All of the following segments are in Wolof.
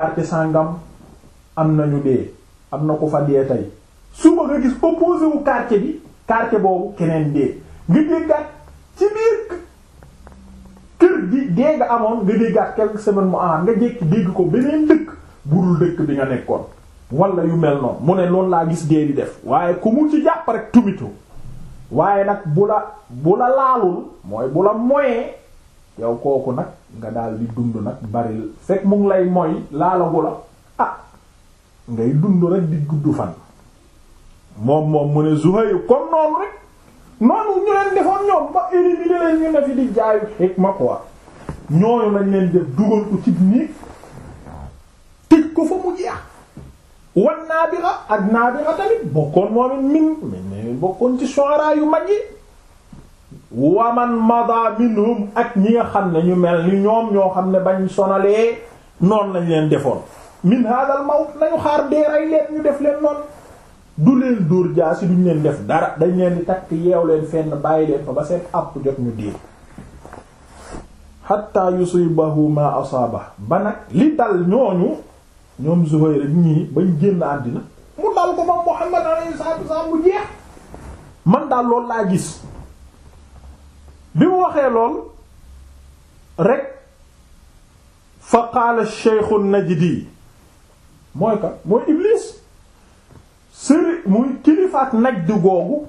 quartier sàngam am nañu dee am na ko fa dee tey suba nga gis opposé wu bi quartier boobu keneen dee nga déggaat ci biir kër gi dee nga amoon nga déggaat quelques mu amaat nga dégg ko beneen dëkk budul dëkk bi nga nekkoon wala yu mel noonu mu laa gis dee di def waaye ku mu ci jàpp rek tumito waaye nag bu la bu la laalul mooy bu la moyee yow kooku nag nga daal di dund nag bari fekk mu lay mooy laalagu la ah ngay dund rek di gudd fan moom moom mu ne Zuhayr comme noonu rek noonu ñu leen defoon ñoom ba éliminer leen ne fi di jaayu lañ leen def dugal ko ci nii fa mu jeex wan naabira ak naabira tamit bokkoon moom it min mais bokkoon ci shu'ara yu mag yi waman mada minhum ak ñi nga xam ne ñu mel ni ñoom ñoo xam ne bañ sonalee noon lañ leen defoon min hadal mawt nañu xaar dee leen ñu def leen noonu du leen dóor jaasi duñ leen def dara dañ leen di takk yeew leen fenn bàyyi leen fa ba seen àpp jot ñu dee hatta yusibahu ma asaaba ba nag li dal ñooñu ñoom Zuhayr rek ñii bañ génn àddina mu dal ko moom Muhammad alayhi salaatu wa salaam mu jeex man daal loolu laa gis bi mu waxee lool rek fa qaala cheikhu najdi mooy ka mooy iblis sëri muy kilifaat najdi googu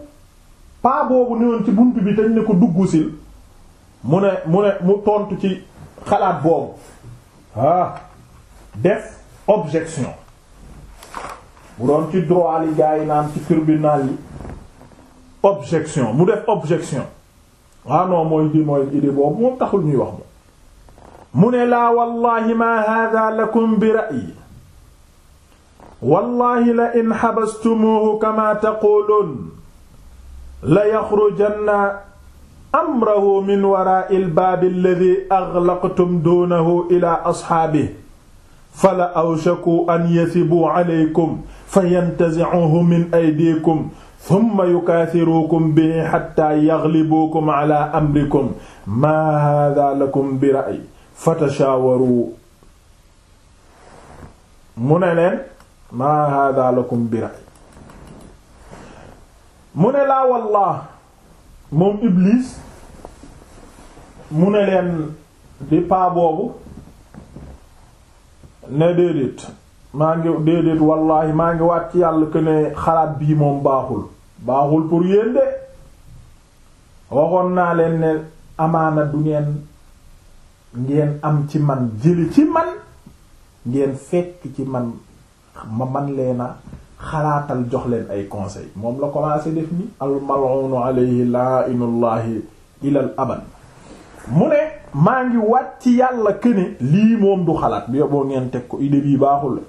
paa boobu newoon ci bunt bi dañ ne ko dugg si mu ne mu ne mu tontu ci xalaat boobu ah def objection bu doon ci droit li gaa yi naan ci tribunal yi objection mu def objection ah non mooy di mooy idée boobu moom taxul ñuy wax moom mu ne laa wallahi ma hada lakum bi ra'yi wallahi la in xabastumuhu kama taquluun la yaxrujanna amrahu min wara'i al-baabi alladhi aghlaqtum duunahu ila asxaabihi fala awshaku an yasibu alaykum fayantazi'uhu min aydikum thumma yukaathirukum bihi hatta yaghlibukum ala amrikum ma hadha lakum bi ra'y fatashaawaru mu ne leen ma hadha lakum bi ra'y mu ne laa wallah moom Iblis mu ne leen di paa boobu ne déedéet maa ngi déedéet wallaahi maa ngi waat ci yàlla que xalaat bii moom baaxul baaxul pour yéen de waxoon naa leen ne amaana du ngeen ngeen am ci man jëli ci man ngeen fekk ci man ma man leena xalaatal jox leen ay conseil moom la commencé def ni al mal'unu alayhi la'inullahi ilal abad mu ne maa ngi wàcc yàlla këne lii moom du xalaat bi yoboo ngeen teg ko idée yi baaxul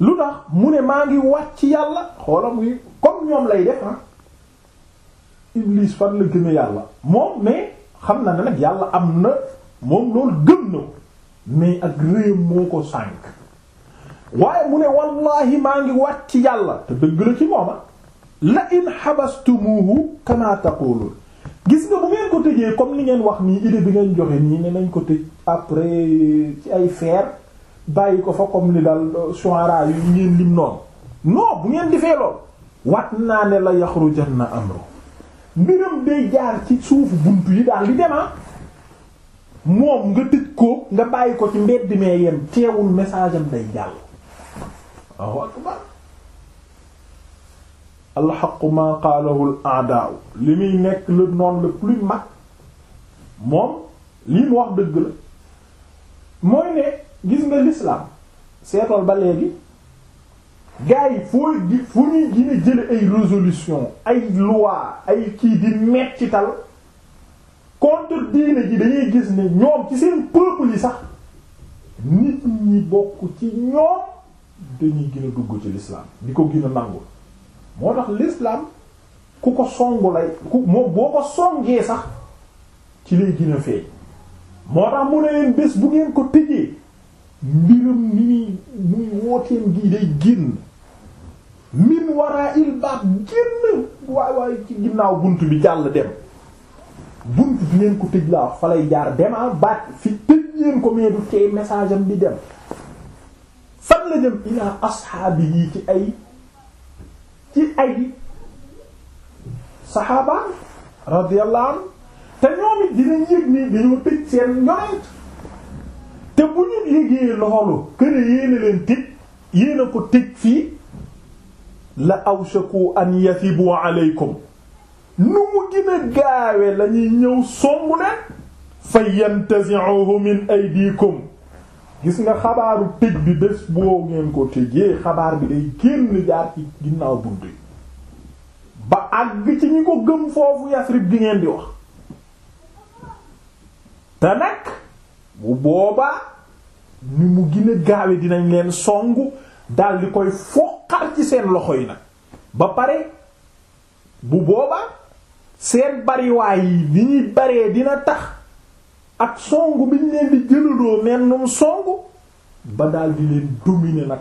lu tax mu ne maa ngi wàcc yàlla xoola wi comme ñoom lay def ah Iblis fan la gëme yàlla moom mais xam na ne nag yàlla am na moom loolu gëm na mais ak réem moo ko sànk waaye mu ne wallahi maa ngi wàcc yàlla te dëgg la ci mooma ah. la in habastumuhu kama taqulun gis nga bu ngeen ko tëjee comme li ngeen wax nii idée bi ngeen joxe nii ne nañ ko tëj après ci ay feer bàyyi ko fa comme li dal shuara yu ngeen lim noonu non bu ngeen defee lool wat naa ne la yaxrujanna amru mbiram day jaar ci suufu buntu yi daal li demaa ah. moom nga tëj ko nga bàyyi ko ci mbedd mee yem teewul message am day jàll waaw akbar alxaqu ma qaalahu al li muy nekk le noon le plus mag moom li mu wax dëgg la mooy ne gis nga l'islam seetoon ba léegi gars yi foo fu ñuy gën jële ay résolution ay loi ay kii di mettital contre diine ji dañuy gis ne ñoom ci seen peuple yi sax nit ñi bokk ci ñoom dañuy gën a dugg ci lislaam di ko gën a moo tax l'islam ku ko songu lay ku moom boo ko songee sax ci lay gën a feeñ moo tax mu ne leen bés bu ngeen ko tëjee mbiram ni muy muy wooteem gii day génn min waraa il baab génn waay ci ginnaaw bunt bi jàll dem bunt bi ngeen ko tëj laa fa lay jaar demaa baat fi tëj ngeen ko mais du tey message am dem fan la dem ilaa asxaabi yi ci ay ci ay saxaabaan radiyallahu anhu te ñoom it dinañ yëg ni dañoo tëj seen yonent te bu ñu liggéeyee loolu këne yéena leen tëj yéena ko tëj fii la awshaku an yasibu aleykum nu mu gën a lañuy ñëw somb leen fa yantazi'uhu min aydikum gis nga xabaaru tëj bi bés boo ngeen ko tëjee xabaar bi day génn jaar ci ginnaaw bunt yi ba àgg ci ñi ko gëm foofu Yasrib gi ngeen di wax te nag bu booba ni mu gën a gaawe dinañ leen songu dal di koy foqar ci seen loxo yi nag ba pare bu booba seen bariwaay yi ni ñuy baree dina tax ak songu bi ñu leen di jëlaloo mennum songu ba dal di leen dominer nag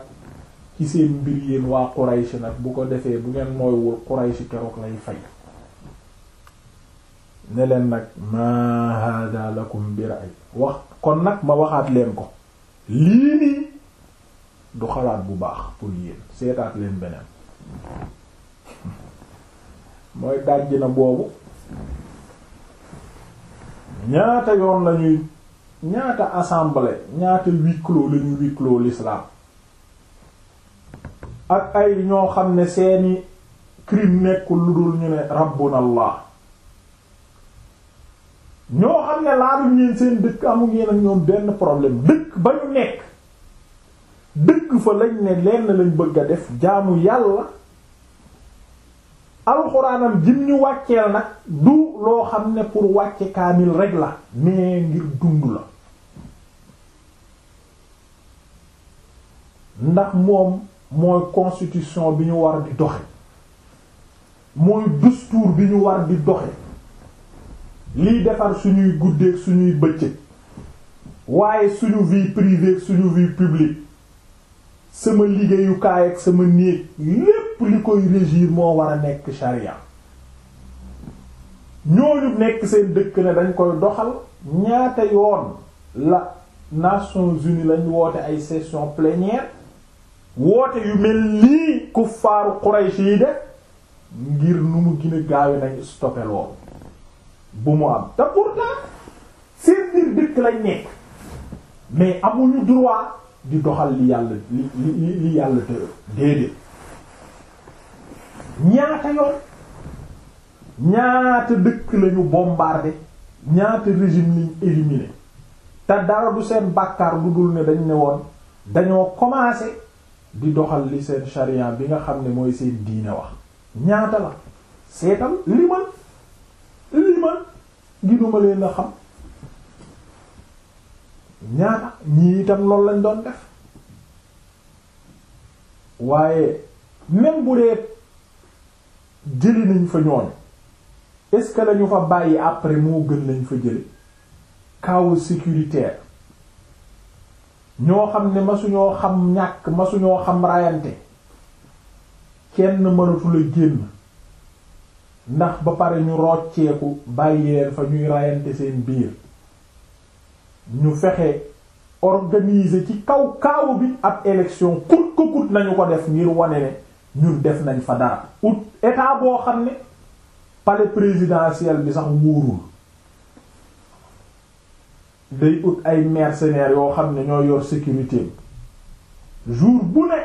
ci seen mbir yéen waa Quraysh nag bu ko defee bu ngeen mooywul Quraysh keroog lay fay neleen leen nag ma hada lakum bi ra'i wax kon nag ma waxaat leen ko lii nii du xalaat bu baax pour yéen seetaat leen beneen mooy dajji na boobu ñaata yoon lañuy ñaata assemblée ñaata huis clos lañu huis ak ay ñoo xam ne seeni crime nekkul lu dul ñu ne rabbunallah xam ne laaluñ ngeen seen dëkk amu ngeen ñoom benn problème dëkk ba ñu nekk dëkk fa lañ ne lenn lañ bëgg def jaamu yàlla alxuraanam jim ñu wàcceel nag du loo xam ne pour wàcce kaamil rek la mais ngir dund la ndax moom mooy constitution bi ñu war di doxe mooy dustuur bi ñu war di doxe liy defar suñuy guddeeg suñuy bëccëg waaye suñu vie privée suñu vie publique sama liggéeyukaay ak sama néeg lépp li koy régir moo war a nekk charia ñooñu nekk seen dëkk ne dañ koy doxal ñaata yoon la Nations Unies lañ woote ay session plénière woote yu mel nii kuffaaru Quraysh yi de ngir nu mu gën a gaawe nañ bu mu am te pourtant seen biir dëkk lañ nekk mais amuñu droit di doxal li yàlla li li li yàlla te déedéet ñaata yoon ñaata dëkk lañu bombardé ñaata régime liñ éliminé te dara du seen bàkkaar bu dul ne dañ ne woon dañoo commencé di doxal li seen sharia bi nga xam ne mooy seen diine wax ñaata la seetal limal lii man ginuma leen a xam ñaata ñii itam loolu lañ doon def waaye même bu dee jëli nañ fa ñooñ est-ce que lañu fa bàyyi après moo gën lañ fa jëli chaos sécuritaire ñoo xam ne masuñoo xam ñàkk masuñoo xam rayante kenn mënatu la génn ndax ba pare ñu rocceeku bàyyi leen fa ñuy rayante seen biir ñu fexe organiser ci kaw kaawu bi ab élection kut ko kut nañu ko def ngir wane ne ñun def nañ fa dara ut état boo xam ne palais présidentiel bi sax wóorul day ut ay mercenaires yoo xam ne ñoo yor sécurité jour bu ne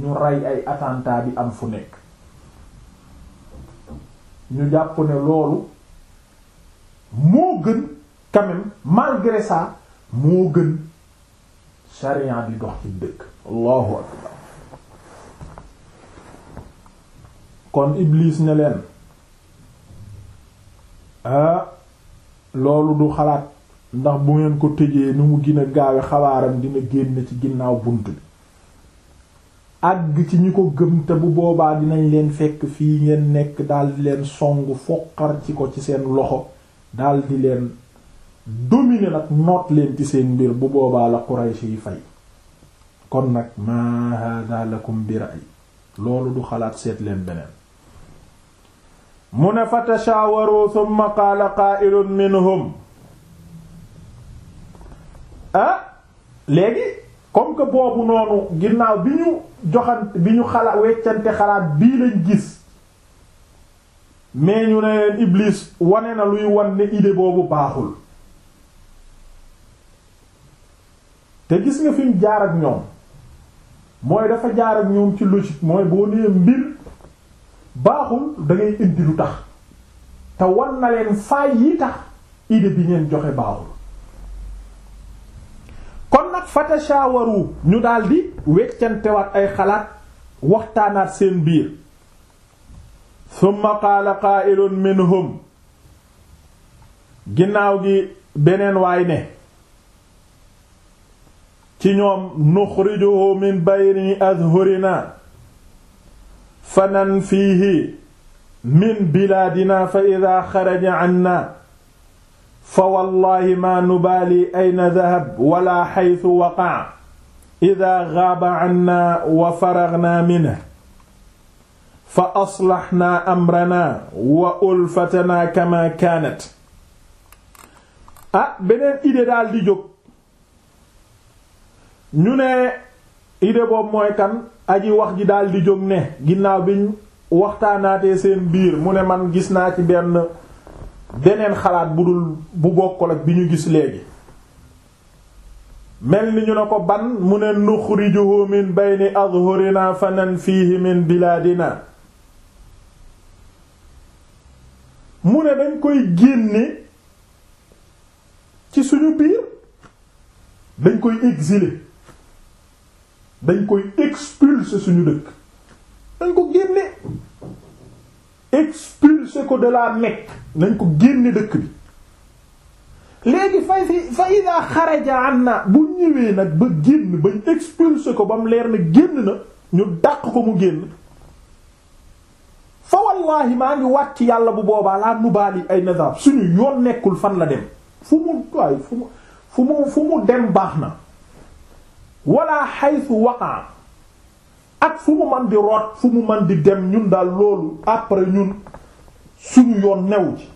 ñu rey ay attentat bi am fu nekk ñu jàpp ne loolu moo gën quand même malgré moo gën sharia di dox ci dëkk allahu akbar kon Iblis ne leen ah loolu du xalaat ndax bu ngeen ko tëjee nu mu gën a gaawe xabaaram dina génn ci ginnaaw bunt bi àgg ci ñi ko gëm te bu boobaa dinañ leen fekk fii ngeen nekk daldi leen song foqar ci ko ci seen loxo daldi leen dominer nag noot leen ci seen mbir bu boobaa la Quraysh yi fay kon nag ma hada lakum bi ra'y loolu du xalaat seet leen beneen mu ne fa tashaawaru thumma qaala qaa'ilun minhum ah léegi comme boobu noonu ginnaaw bi ñu joxante bi ñu xalaat weccante xalaat bii lañ gis mais ñu ne leen Iblis wane na luy wan ne idée boobu baaxul te gis nga fi mu jaar ñoom mooy dafa jaar ak ñoom ci logique mooy boo nee mbir baaxul da ngay lu tax te wan na leen faay yi tax idée bi ngeen joxe baaxul kon nag fatashaawaru ñu daldi weccantewaat ay xalaat waxtaanaat seen biir summa qaala qaa'ilun minhum ginnaaw gi beneen waay ne ci ñoom nuxrijuhu min bayni azhurina fanan fiihi min bilaadina fa idaa xaraja anna fa wallahi ma nubaali ayna dahab wala xaytu waqaa ida gaaba anna wa faragnaa minhu fa aslaxnaa amranaa wa ulfatanaa kama kaanat ah beneen idée daal jóg ñu ne idée boobu mooy kan aji wax ji daal jóg ne ginnaaw bi biñ waxtaanaatee seen biir mu ne man gis naa ci benn beneen xalaat bu dul bu bokkul ak bi ñu gis léegi mel ni ñu ne ko ban mu ne nuxrijuhu min bayni adhurina fanan fiihi min bilaadina mu ne dañ koy génne ci suñu biir dañ koy exiler dañ koy expulser suñu dëkk dañ ko génne expulsé ko de la Mecque nañ ko génne dëkk bi léegi fay fa ida xaraja anna bu ñëwee nag ba génn bañ expulsé ko ba mu leer na génn na ñu dàq ko mu génn fa wallaahi maa ngi wàcc yàlla bu boobaa laa nubaali ay nazab suñu yoon nekkul fan la dem fu mu waay fu mu fu mu fu mu dem baax na wala xaytu waqaa ak fu mu man di root fu mu man di dem ñun daal loolu après ñun suñu yoon new ji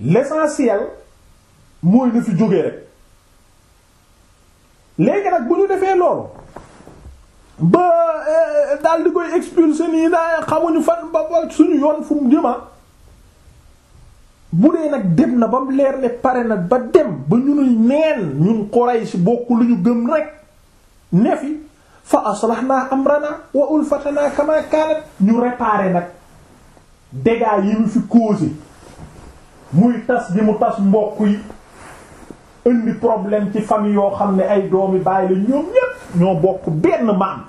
l'essentiel mooy na fi jógee rek léegi nag bu ñu defee loolu ba euh, daal di koy expulser nii daa xamuñu fan ba ba suñu yoon fu mu jëma bu dee nag dem na ba mu leer ne pare na ba dem ba ñunuy neen ñun si bokk lu ñu gëm rek ne fi fa aslahna amrana wa ulfatana kama kanat ñu réparer nag dégâts yi mu fi causé muy tas gi mu tas mbokk yi indi problème ci famille yoo xam ne ay doomi bàyyi la ñoom ñépp ñoo bokk benn maam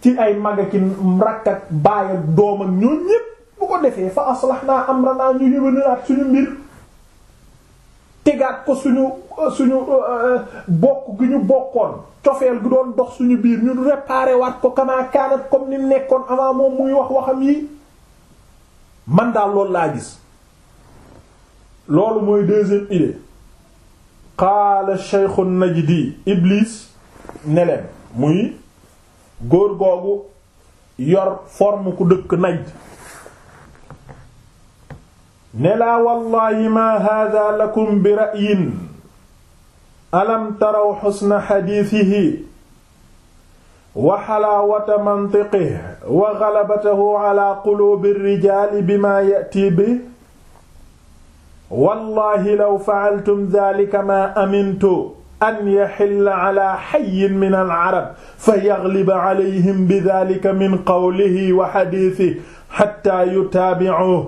ci ay maga ki rakk ak baay ak doom ak ñoom ñépp bu ko defee fa aslahna amrana ñu yëwénalaat suñu mbir tegaat ko suñu suñu euh, euh, bokk gi ñu bokkoon cofeel gi doon dox suñu biir ñu réparé waat ko kamaa kaanat comme ni nekkoon avant moom muy wax waxam yi man daal loolu laa gis loolu mooy deuxième idée qaala Cheikh Najdi Iblis ne leen muy góor googu yor forme ku dëkk Najd ne laa wallaahi maa haadaa lakum bi ra'yin alam taraw xusna xadiisihi wa xalaawata mantiqihi wa galabatahu ala quluubi rijaali bimaa ya'tii bihi wallaahi law fa'altum daalika maa amintu an yaxilla ala xayyin min al-arab fa yagliba alayhim bi daalika min qawlihi wa xadiisihi xattaa yutaabi'uuhu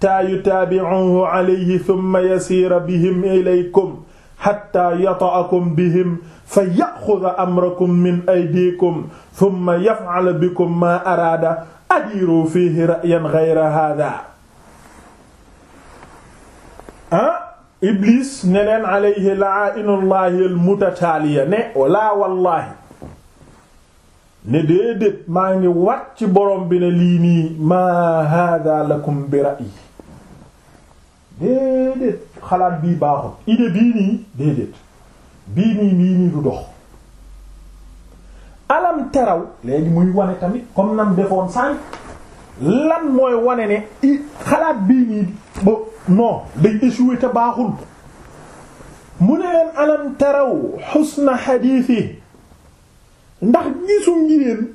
xatta yutaabicuuhu calayhi summa yasiira bihim ilaykum xatta yata'akum bihim fa yaxuda amrakum min aydikum summa yafcala bikum maa araada adiiru fiihi ra'yan gayra haadaa ah Iblis ne leen alayhi la'aa'inullaahi al-mutataaliya ne walaa wallaahi ne déedéet maa ngi wat ci borom bi ne lii nii maa haadaa lakum bi ra'yi déedéet xalaat bii baaxul idée bii nii déedéet bii nii bii nii du dox alam teraw léegi muy wane tamit comme nam defoon sànq lan mooy wane ne i xalaat bii nii ba non day échoué te baaxul mu ne leen alam taraw xusna xadiis ndax gisu ngireen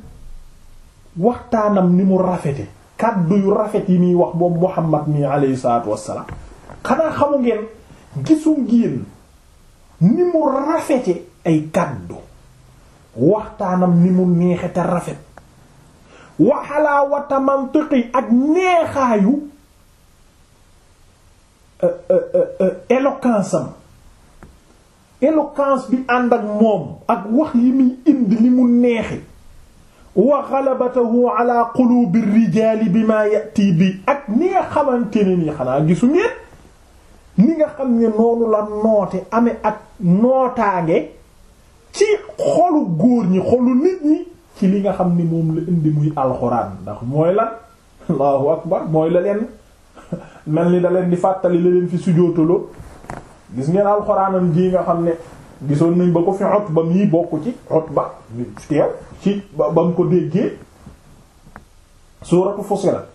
waxtaanam ni mu rafete kàddu yu rafet yi muy wax boobu Muhammad mi alayhi salaatu wassalaam xanaa xamu ngeen gisu ngeen ni mu rafete ay kàddu waxtaanam ni mu neexe te rafet wa xalaawata mantiqi ak neexaayu euh, euh, euh, éloquence am éloquence bi ànd ak moom ak wax yi muy indi li mu neexi wa xalabatahu ala qulubi rijaali bi ma yati bi ak ni nga xamante ne nii xanaa gisu ngeen ni nga xam ne noonu la noote amee ak nootaange ci xolu góor ñi xolu nit ñi ci li nga xam ni moom la indi muy alxuraan ndax mooy la allahu akbar mooy la leen mel ni da leen di fàttali la leen fi sujootaloo gis ngeen alxuraanam ji nga xam ne gisoon nañ ba ko fi ba mii bokk ci Utba teew ci ba mu ko déggee suuratu Fussilat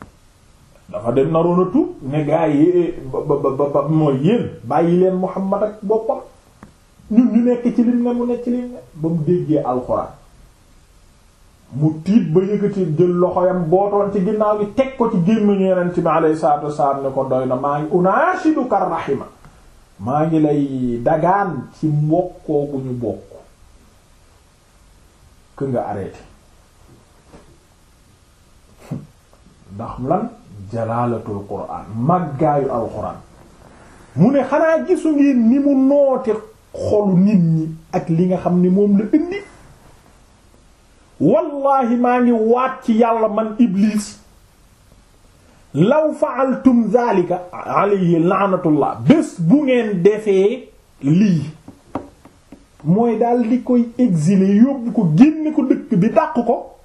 dafa dem naroon a tuub ne gaa yi eh, ba ba ba ba mooy yéen bàyyi leen Muhammad ak boppam ñun ñu nekk ci lim ne mu nekk ci lim ne ba mu déggee alxuraan mu tiit ba yëkkati jël loxoyam bootoon ci ginnaaw gi teg ko ci gémmiñu Yonent bi alayhi salaatu wassalaam ne ko doy na maa ngi unaashiduka rahima maa ngi lay dagaan ci mbokkoo bu ñu bokk ku nga arrêté ndax lan jalaalatul quraan màggaayu alxuraan mu ne xanaa gisu ngeen ni mu noote xolu nit ñi ak li nga xam ni moom la indi wallahi maa ngi waat ci yàlla man iblis law fa'altum zalika alayhi la'natullah bés bu ngeen defee lii mooy daal di koy exiler yóbbu ko génne ko dëkk bi dàq ko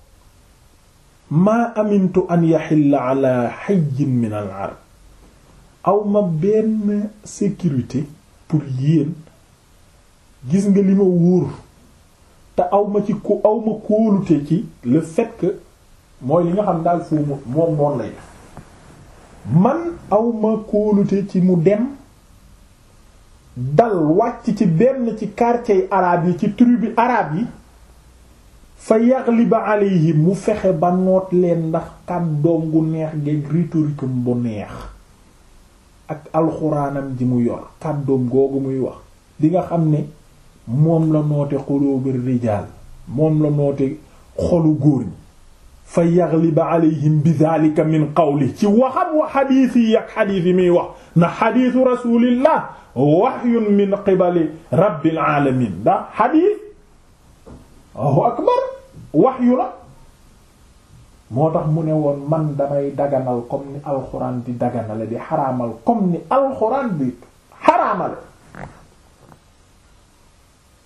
maa amintu an yaxilla ala xajjin min arab aw ma benn sécurité pour yéen gis nga li ma wóor te aw ma ci ku awma ma ci le fait mooy li nga xam daal foofu moom moom lay man aw ma ci mu dem dal wàcc ci benn ci quartier arabe yi ci tribu arabe yi fa yagliba alayhim mu fexe ba noot leen ndax kàddoom gu neex geeg rhétorique bu neex ak alxuraanam ji mu yor kàddoom googu muy wax di nga xam ni moom la noote xulóobi moom la noote xolu góor ñi fa yagliba alayhim bi daalika min qawli ci waxam wa xadiis yi ak xadiis muy wax na xadiisu rasulillah waxyun min qibali rabbil alamin ndax xadiis Allahu akbar wahyu la moo tax mu ne woon man damay daganal comme ni alxuraan di daganale di xaraamal comme ni alxuraan di xaraamale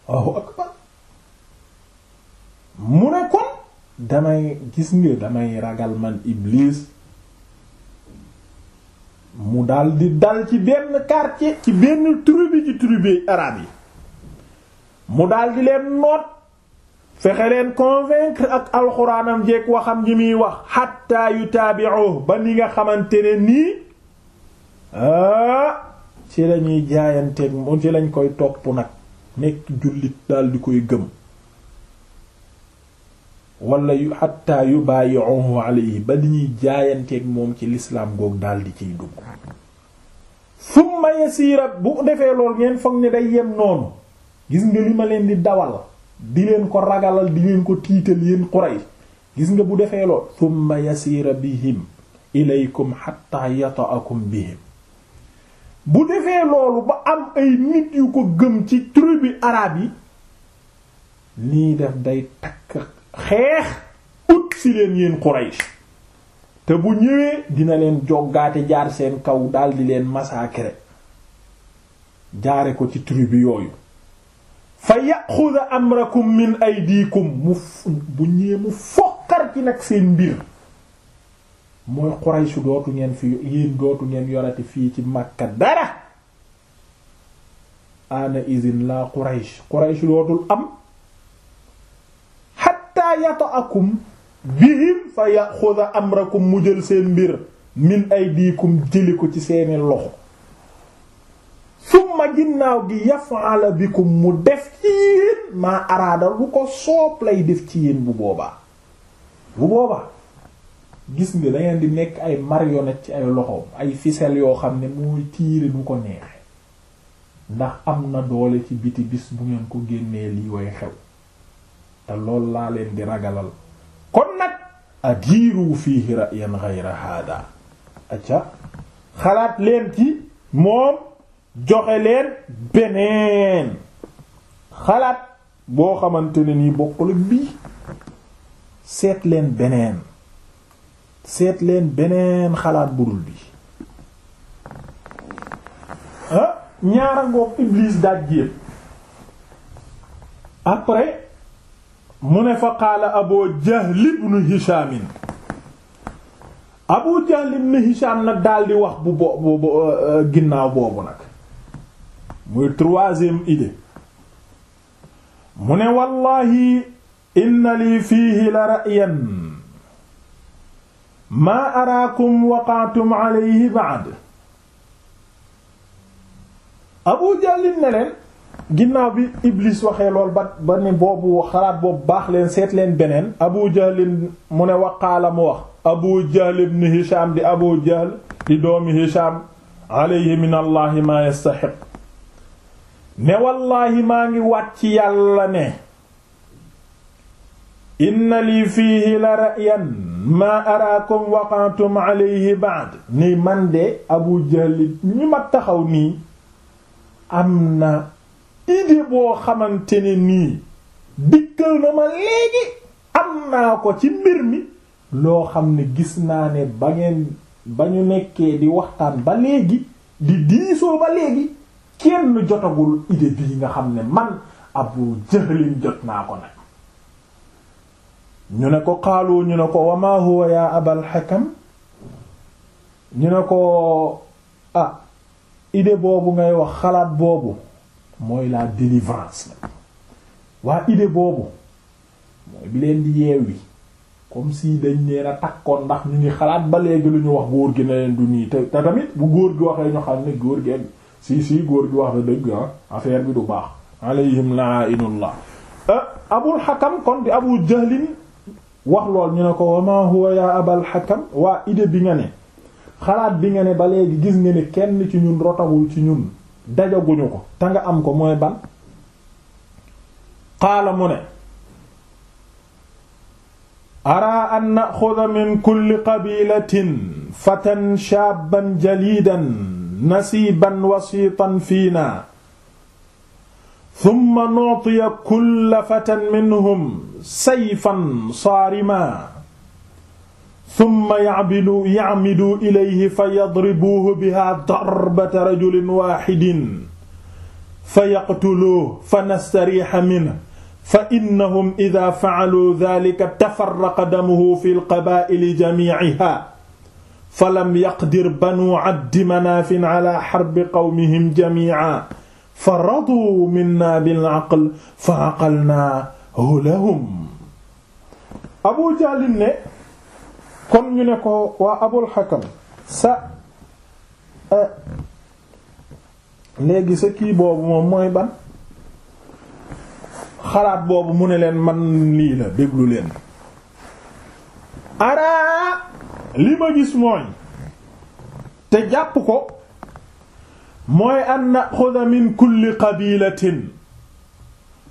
Allahu akbar mu ne kon damay gis nga damay ragal man Iblis mu dal di dal ci benn quartier ci benn tribu ci tribu araab yi mu dal di leen noot fexe leen convaincre ak alxuraanam jeeg waxam ji muy wax xatta yutaabi'u ba ni nga xamante ne nii ah ci lañuy jaayanteeg moom ci lañ koy topp nag nekk jullit daal di koy gëm wala yu xatta yubaayi'uhu alayhi ba di ñuy jaayanteeg moom ci lislaam goog daal di ciy dugg summa yasiira bu defee lool ngeen foog ni day yem noonu gis nga li ma leen di dawal di leen ko ragalal di leen ko tiital yéen Quraysh gis nga bu defee lool thumma yasira bihim ilaykum hatta yata'akum bihim bu defee loolu ba am ay nit yu ko gëm ci tribu araab yi nii def day takk xeex ut si leen yéen Quraysh te bu ñëwee dina leen joggaate jaar seen kaw daldi leen massacrer jaare ko ci tribu yooyu fa yaxuda amrakum min aydikum mu bu ñëwee mu fokkar nag seen mbir mooy Quraysh dootu ngeen fi yéen dootu ngeen yorati fii ci Makka dara ana izin la Quraysh Quraysh dootul am xatta yata'akum bihim fa yaxuda amrakum mu jël seen mbir min aydikum jëli ko ci seeni loxo ma ginnaaw gi yaf'ala bikum mu def ci yéen maa araada lu ko soob lay def ci yéen bu boobaa bu boobaa gis nga da di nekk ay marionnette ci ay loxoom ay fisel yoo xam ne mooy tiire nu ko neexe ndax am na doole ci biti bis bu ngeen ko génnee lii way xew te lool laa leen di ragalal kon nag adiiru fiihi ra'yan ghayra hada acca xalaat leen ci moom joxe leen beneen xalaat boo xamante ne nii bokkul bii seet leen beneen seet leen beneen xalaat budul bi ah ñaara ngoog Iblis daaj jéem après mu ne fa qaala Abu Jahl ibn Hisham Abu Jahl ibn Hisham nag daal di wax bu bo bu ginnaaw boobu nag. muy troisième idée mu ne wallahi inna lii fiihi la ra'yan maa araakum waqaatum alayhi ba'd abu jàllin ne ginnaaw bi iblis waxee lool ba ba ne boobu xalaat boobu baax leen seet leen beneen abu jahlin mu ne waqaala mu wax abu jahl ibn hisham di abu jahl di doomi hisham alayhi min allahi ma yastaxiq ne wallaahi maa ngi wàcc yàlla ne inna lii fiihi la ra'yan maa araakum waqantum alayhi ba'd ni man de abu jahli ñi ma taxaw nii am na idée boo xamante ne nii dikkal na ma léegi am naa ko ci mbir mi loo xam ne gis naa ne ba ngeen ba ñu nekkee di waxtaan ba léegi di diisoo ba léegi kenn jotagul idée bii nga xam ne man abu jahlin jot naa ko nag ñu ne ko xaalu ñu ne ko wama huwa abal xekkam ñu ne ko ah idée boobu ngay wax xalaat boobu mooy la délivrance nag waa idée boobu mooy bi leen di yeewi comme si dañ neena takkoon ndax ñu ngi xalaat ba léegi lu ñu wax góor gi na leen du nii te tamit bu góor gi waxee ñu xam ne góor gi si góor gi wax na dëgg ah bi du baax alayhim la'inullah ah, abul hakam kon di abu jahlin wax lool ñu ne ko wa ma huwa ya abal hakam waa idée bi nga ne xalaat bi nga ne ba léegi gis nga ne kenn ci ñun rotawul ci ñun dajaguñu ko te nga am ko mooy ban qaala mu ne ara an naxuda min kulli qabilatin fatan shaban jalidan nasiiban wasiitan fiinaa thumma nu'tiya kulla fatan minhum sayfan saarimaa thumma ya'bidu ya'midu ilayhi fa yadribuuhu bihaa darbata rajulin waahidin fa yaqtuluuhu fa nastariiha minhu fa innahum idhaa fa'aluu dhaalika tafarraqa damuhu fil qabaa'ili jamii'ihaa falam yaqdir banu abdi manaafin ala xarbi qawmihim jamiica fa raduu minna bil aql fa aqalnaahu lahum abu jaalin ne kon ñu ne ko waa abul xakam sa léegi sa kii boobu moom mooy ban xalaat boobu mu ne leen man lii la déglu leen ara li ma gis mooy te jàpp ko mooy an naxuda min kulli qabilatin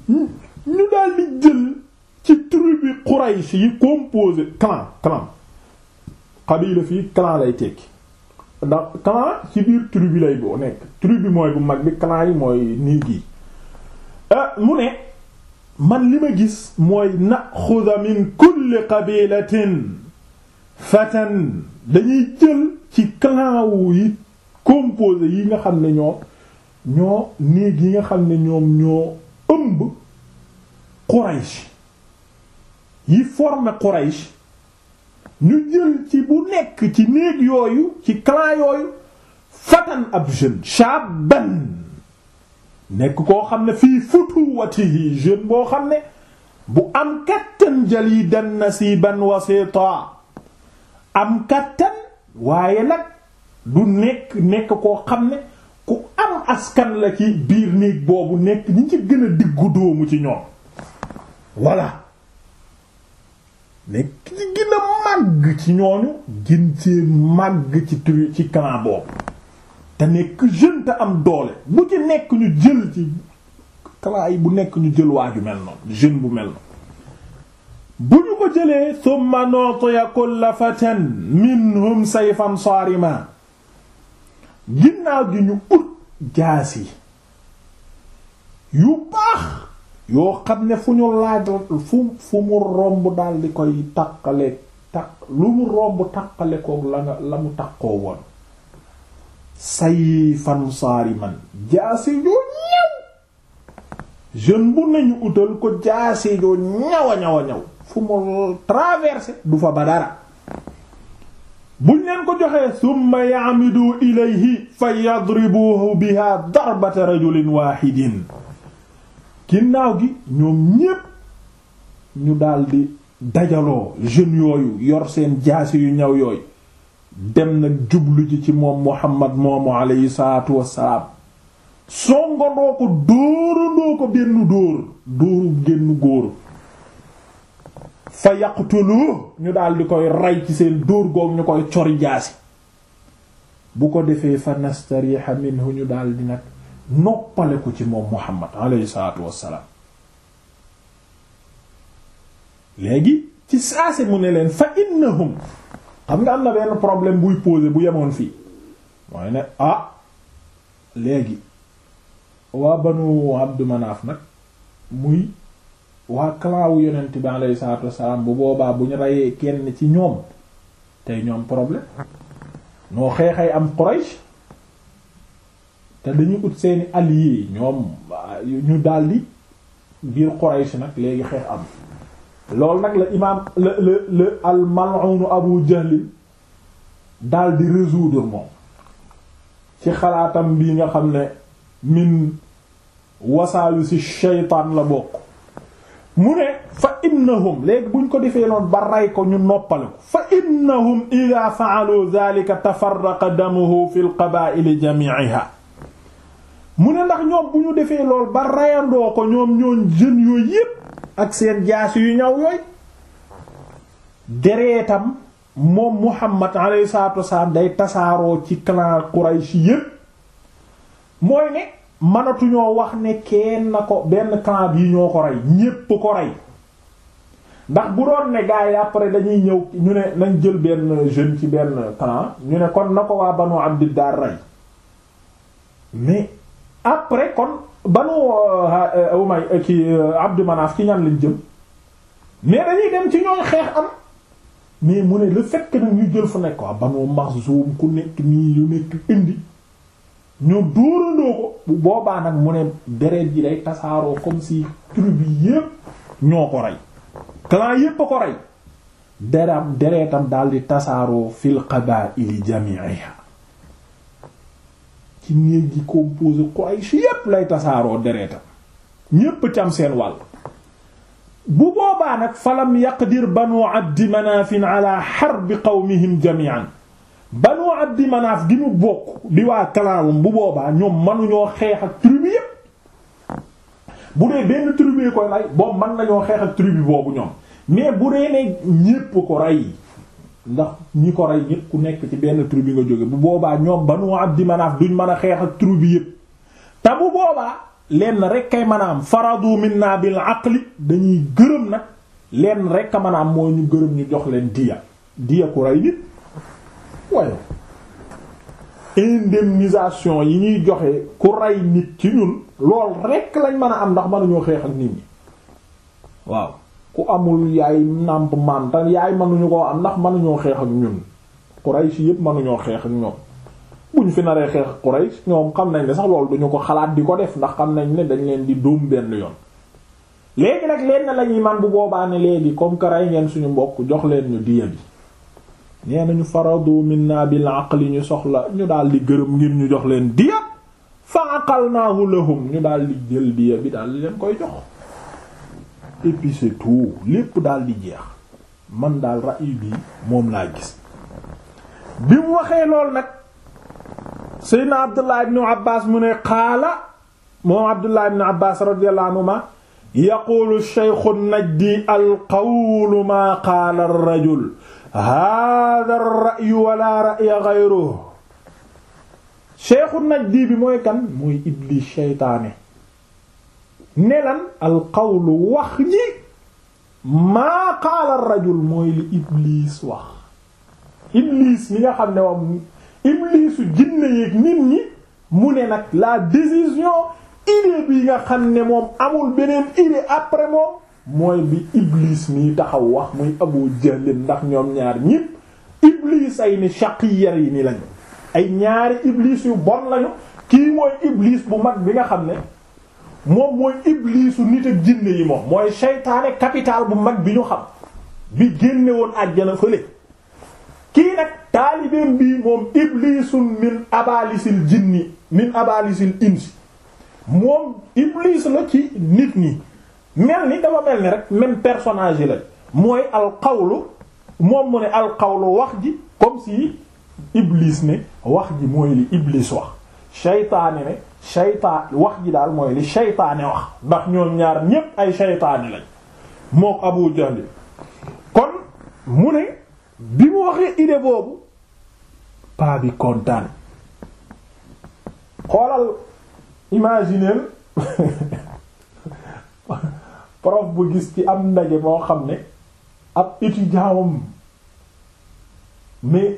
ñu daal di jël ci tribu Quraysh yi composé clan clan qabila fii clan lay tekki clan ci biir tribu lay boo nekk tribu mooy bu mag bi clan yi mooy nii gi eh, mu ne man li ma gis mooy naxuda min kulli qabilatin fatan dañuy jël ci clan wu yi composé yi nga xam ne ñoom ñoo néeg yi nga xam ne ñoom ñoo ëmb Quraysh yi formé Quraysh ñu jël ci bu nekk ci néeg yooyu ci clan yooyu fatan ab jeune shaban nekk koo xam ne fii futuwatihi jeune boo xam ne bu am kattan jalidan nasiban wasita am kattan waaye nag du nekk nekk koo xam ne ku am askan la ci biir néeg boobu nekk ñi ci gën a diggu doomu ci ñoom voilà nekk ñi gën a màgg ci ñooñu gën cee màgg ci tur ci clan boobu te nekk jeune te am doole bu ci nekk ñu jël ci clan yi bu nekk ñu jël waaju mel noonu jeune bu mel noonu bu ñu ko jëlee thumma nu'tiya kulla fatan minhum sayfan sarima ginnaaw gi ñu ut jaasi yu baax yoo xam ne fu ñu laaj fu fu mu romb daal koy taqale taq lu mu romb taqale koog la nga la mu taqoo woon sayfan sariman jaasi yu ñaw jeune bu nañu utal ko jaasi yu ñaw a ñaw a ñaw fu mu traversé du fa ba dara buñ leen ko joxee summa ya'midu ilayhi fa yadribuhu biha darbata rajulin wahidin ginnaaw gi ñoom ñépp ñu daldi dajaloo jeunes yooyu yor seen jaasi yu ñaw yooyu dem nag jublu ji ci moom Muhammad moomu alayhi salaatu wassalaam songandoo ko dóorandoo ko benn dóor dóoru génn góor fa yaqtuluhu ñu daal di koy rey ci seen dóor goog ñu koy cori jaasi bu ko defee fa nastariha minhu ñu daldi di nag noppale ci moom Muhammad alayhi léegi ci saase mu ne leen fa innahum xam nga am na benn problème buy posé bu yemoon fii mooy ne ah léegi waa banu Abdu Manaaf nag muy waa kalaawu yonent bi alayhi salaatu wassalaam bu boobaa bu ñu reyee kenn ci ñoom tey ñoom problème noo xeexay am Quraysh te dañu ut seeni alliés ñoom ñu daldi biir Quraysh nag léegi xeex am loolu nag la imaam la la al mal'un Abu Jahl daldi résoudre ci xalaatam bi nga xam ne min wasaawisu shaytaan la bokk mu ne fa innahum léegi buñ ko defee noonu ba rey ko ñu noppalu ko fa innahum ida faalu dhalika tafarraqa damuhu fi lqabaili jamiiha mu ne ndax ñoom bu ñu defee loolu ba reyandoo ko ñoom ñoon jën yooyu yépp ak seen jaas yu ñaw yooyu dereetam moom Muhammad alayhi salaatu day tasaaroo ci clan Quraysh yépp mooy ne mënatuñoo wax ne kenn na ko benn clan bii ñoo ko rey ñépp ko rey ndax bu doon ne gars yi après dañuy ñëw ñu ne nañ jël benn jeune ci benn clan ñu ne kon na ko waa banu abdiddaar rey mais après kon banu euh, umay euh, ki euh, abdu manaaf ci ñan lañ jëm mais dañuy dem ci ñooñ xeex am mais mu ne le fait que ñu jël fu nekk waa banu maxzum ku nekk nii yu nekk indi ñu dóorandoo ko bu boobaa nag mu ne deret ji day tasaaroo comme si tribu yépp ñoo ko rey clan yépp a ko rey deretam daldi tasaaroo fil qabaa'ili jamiiha yépp lay tasaaroo deretam ñépp cam seen wàll bu boobaa nag falam yaqdir banu abdi manafin ala harbi qawmihim jami'an banu abdi manaaf gi mu bokk di waa kalaawum bu boobaa ñoom manuñoo xeex ak tribu yépp bu dee benn tribu koy rey boobu man nañoo xeex ak bi boobu ñoom mais bu dee ne ñépp ko rey ndax ñi ko rey ñépp ku nekk ci benn tribu nga jóge bu boobaa ñoom banu abdi manaaf duñ mën a xeex ak tribu yépp te bu boobaa lenn rek kay farado faradu minna bil aqli dañuy gërëm nag lenn rek a manaam mooy ñu gërëm ñu jox leen diya diya ku rey wayo indemnisation yi ñuy joxe ku rey nit ci ñun lool rekk lañ mën a am ndax mënuñoo xeex ak nit ñi waaw ku amul yaay nàmp maam te yaay mënuñu koo am ndax mënuñoo xeex ak ñun Quraysh yépp mënuñoo xeex ak ñoom bu ñu fi naree xeex ak Quraysh ñoom xam nañ ne sax loolu duñu ko xalaat di ko def ndax xam nañ ne dañ leen di duum benn yoon léegi nag leen na lañuy man bu boobaa ne léegi comme que rey ngeen suñu mbokk jox leen ñu diya bi nee nañu faradu minna bil aqli ñu soxla ñu daal di gërëm ngir ñu jox leen diya fa aqalnaahu lahum ñu daal di jël diya bi daal leen koy jox et tout lépp daal jeex man daal ra'y bi moom laa gis bi mu waxee lool nag seydna abdullah ibnu abbas mu ne qaala moom abdullah ibnu abbas radiyallahu anhuma yaqulu shaykhu najdi al qawlu maa qaala rajul hada ar-ra'yu wa la ra'ya ghayruhu cheikhu najdi bi mooy kan mooy iblis sheytaane nelan alqawlu wax ji maa qaala ar-rajul mooy li iblis wax iblis mi nga xam ne moom iblisu jinne yeeg nit ñi mu ne nag la décision idée bi nga xam ne moom amul beneen idée après moom mooy bi iblis mii taxaw wax muy abu jahlin ndax ñoom ñaar ñépp iblis ay ni shaqiyar yi ni lañu ay ñaari iblis yu bon lañu kii mooy iblis bu mag bi nga xam ne moom mooy iblisu nit ak jinne yi moom mooy seytaane capital bu mag bi ñu xam bi génne woon àjjana fële kii nag taalibeem bii moom iblisun min abalisil jinni min abalisil insi moom iblis la ci nit ñi mel ni dafa mel ni rek même personnage yi lañ mooy alqawlu moom mu ne alqawlu wax ji comme si iblis ne wax ji mooy li iblis wax shaytaani ne shaytaan wax ji daal mooy li shaytaani wax ndax ñoom ñaar ñépp ay shaytaani lañ mook Abu Jahl kon mu ne bi mu waxee idée boobu paa bi kontaan xoolal imaginer prof bu gis ci am ndaje moo xam ne ab étudiant am mais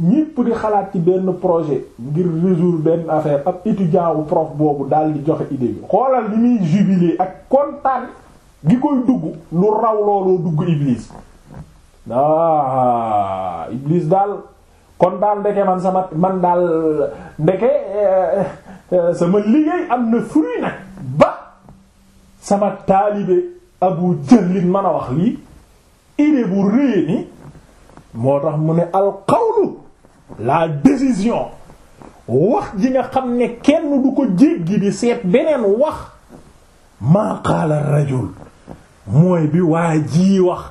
ñépp di xalaat ci benn projet ngir résoudre benn affaire ab étudiant wu prof boobu daal di joxe idée bi xoolal li muy jubilé ak kontaan gi koy dugg lu raw looloo dugg Iblis ah Iblis daal kon daal ndeke man sama man daal ndeke eh, eh, sama liggéey am na fruit nag. sama taalibe abu jahlin mën a wax lii idée bu réye ni moo tax mu ne al qawlu la décision wax ji nga xam ne kenn du ko jéggi di seet beneen wax maa qaala rajul mooy bi waa jii wax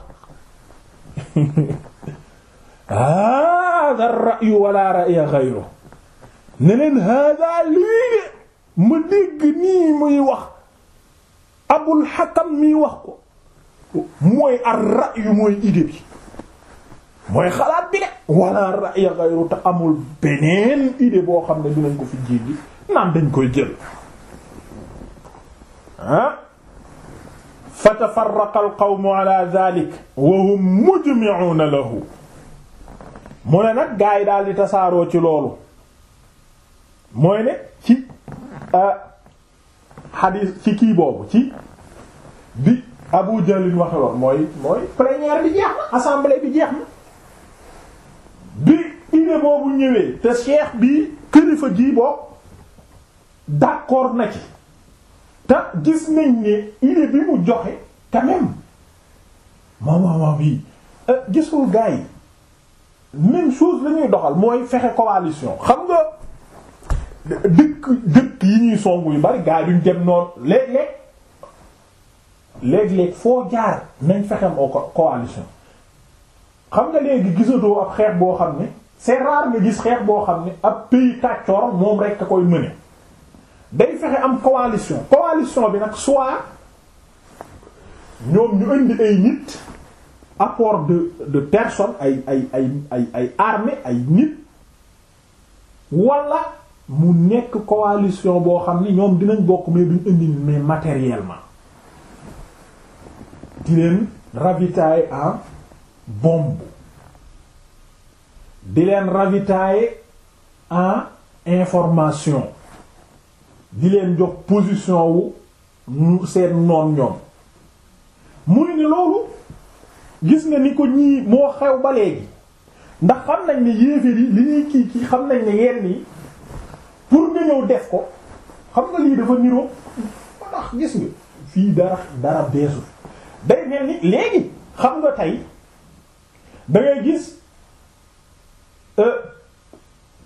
hada ra'yu wala ra'ya ghayru ne leen hada lii ma dégg nii muy wax abul hakam mi wax ko mooy ar-ra'yu mooy bi mooy xalaat bi de wala ra'ya ghayru te beneen idée boo xam ne dinañ ko fi jéggi naan dañ koy jël ah fa tafarraqa al ala dhalik wa hum mujmi'una lahu mu ne nag yi daal di tasaaroo ci loolu mooy ne ah, xadiis ci kii boobu ci bi Abu Jahl liñ mooy mooy plénière bi jeex na assemblée bi jeex na bi idée boobu ñëwee te cheikh bi këlifa ji boobu d'accord na ci te gis nañ ne idée bi mu joxe quand même moment bi euh, gisul gars yi même chose la ñuy doxal mooy fexe coalition xam nga dëkk dëkk yi ñuy songu yu bari gaa yi duñ dem noonu léeg-léeg léeg-léeg foo jaar nañ fexem au coalition xam nga léegi gisatoo ab xeex boo xam ne c'est rare nga gis xeex boo xam ne ab pays tàccoor moom rekk a koy mëne day fexe am coalition coalition bi nag soit ñoom ñu indi ay nit apport de de ay ay ay ay ay ay nit walla mu nekk coalition boo xam ne ñoom dinañ bokk mais duñ indi mais matériellement di leen ravitailler en bombe di leen ravitailler en information di leen jox position wu seen noon ñoom muy ne loolu gis nga ni ko ñii moo xew ba léegi ndax xam nañ ne yéeféer li ñuy kii kii xam nañ ne yenn yi pour nga ñëw def ko xam nga lii dafa niroo ndax gis nga fii dara dara beesu day mel ni léegi xam nga tey da gis euh,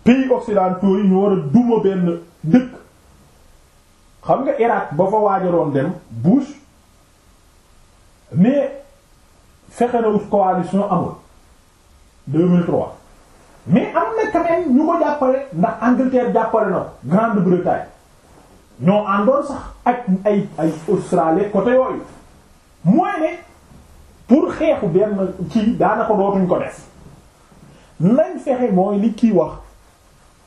pays occidentaux yi ñu war a duma benn dëkk xam nga Irak ba fa waajaroon dem Bush mais fexe na ut coalition amul mais am na quand ñu ko jàppale ndax Angleterre jàppale na Grande-Bretagne ñoo àndoon sax ak ay ay Australie côté yooyu mooy ne pour xeexu benn ci daanaka dootuñ ko def nañ fexe mooy li kii wax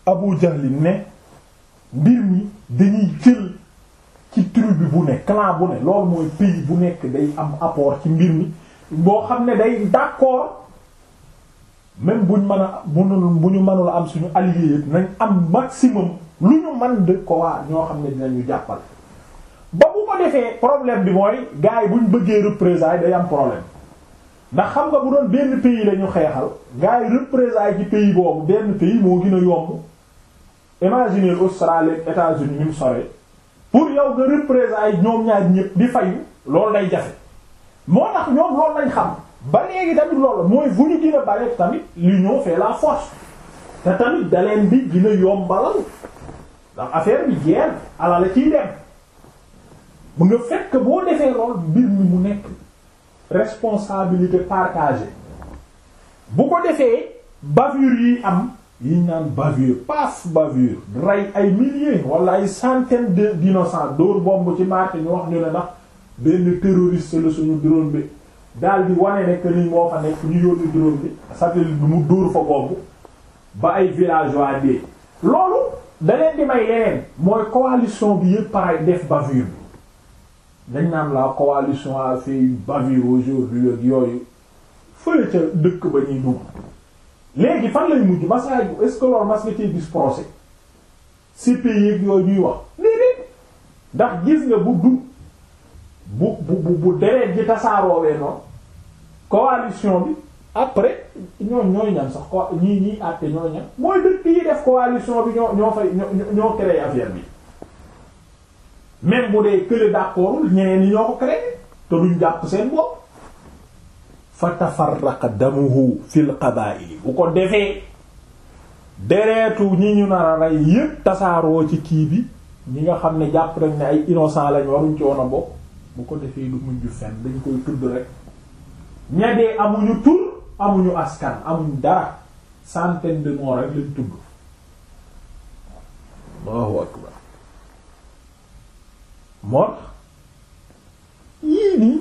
Abu Jahl ne mbir mi dañuy jël ci tribu bu ne clan bu ne loolu mooy pays bu nekk day am apport ci mbir mi boo xam ne day d'accord même buñ mën a mënul bu ñu mënul am suñu allié yëpp nañ am maximum lu ñu mën de ko waa ñoo xam ne dinañu jàppal ba bu ko defee problème bi mooy gars yi buñ bëggee représailles day am problème ndax xam nga bu doon benn pays la ñu xeexal gars yi représailles ci pays boobu benn pays moo gën a yomb imaginer Australie ak États-Unis ñu sore pour yow nga représailles ñoom ñaar ñëpp di fayu loolu day jafe moo tax ñoom loolu lañ xam. ba léegi tamit loolu mooy bu ñu gën a bare tamit l'union fait la force te tamit da leen di yombalal ndax affaire bi jeex ala ciy dem mu nga fekk boo defee lool mbir mi mu nekk responsabilité partagée bu ko defee bavure yi am yiñ naan bavure passe bavure rey ay milliers wala ay centaines de d'innocents dóor bomb ci marché ñu wax ñu ne ndax benn terroriste la suñu drone bi daal di wane ne que ni moo fa nekk ñu yónni drone bi satellite bi mu dóor fa bombu ba ay villageois dee loolu da di may yeneen mooy coalition bi yëpp pareil def bavure bi dañ naan la coalition a fait une bavure aujourd'hui ak yooyu fële ca dëkk ba ñuy dugg léegi fan lay mujj masaay bu est-ce que loolu mas nga gis procès CPI yooyu ñuy wax léegi ndax gis nga bu du bu bu bu deret ji tasaaroowee noonu coalition bi après ñoo ñooy ñan sax ko ñii ñii àtte ñooy ñan mooy dëkk yi def coalition bi ñoo ñoo fay ñoo créé affaire bi même bu dee kële d'accordul ñeneen ñi ñoo ko créé te duñ jàpp seen bopp fa tafarraqa damuhu fil qabaa'il bu ko defee dereetu ñi ñu nar a rey yépp tasaaroo ci kii bi ñi nga xam ne jàpp rek ne ay innocent lañ waruñ ci woon a bokk bu ko defee du mujj fenn dañ koy tudd rek ña dee amuñu tur amuñu askan amuñu dara centaine de morts rek lañ tudd Allahu yii nii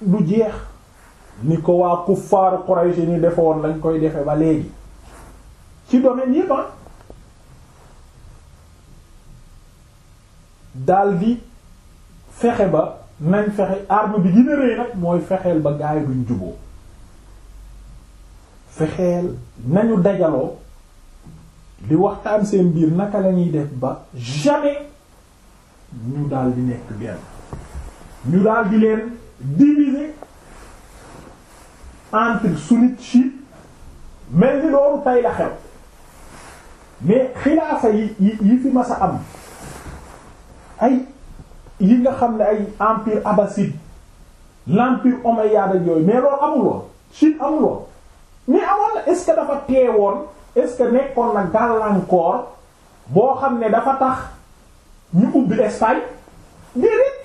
du jeex ni ko waa kuffaaru Quraysh ni defoon lañ koy defe ba léegi ci domaine yépp ah. daldi fexe ba nañ fexe arme bi gën a rëy mooy fexeel ba gaay duñ juboo fexeel nañu dajaloo di waxtaan seen biir naka la ñuy def ba jamais ñu daal di nekk benn ñu daal di leen diviser entre sunnite chiite mel ni loolu tay la xew mais xilaafa yi yi fi mas a am ay yi nga xam ne ay empire abbasside l'empire omeyyade ak yooyu mais loolu amul woon Chine amul woon mais amoon na est-ce dafa teewoon est-ce que nekkoon na gàllankoor boo xam ne dafa tax ñu ubbi Espagne déedéet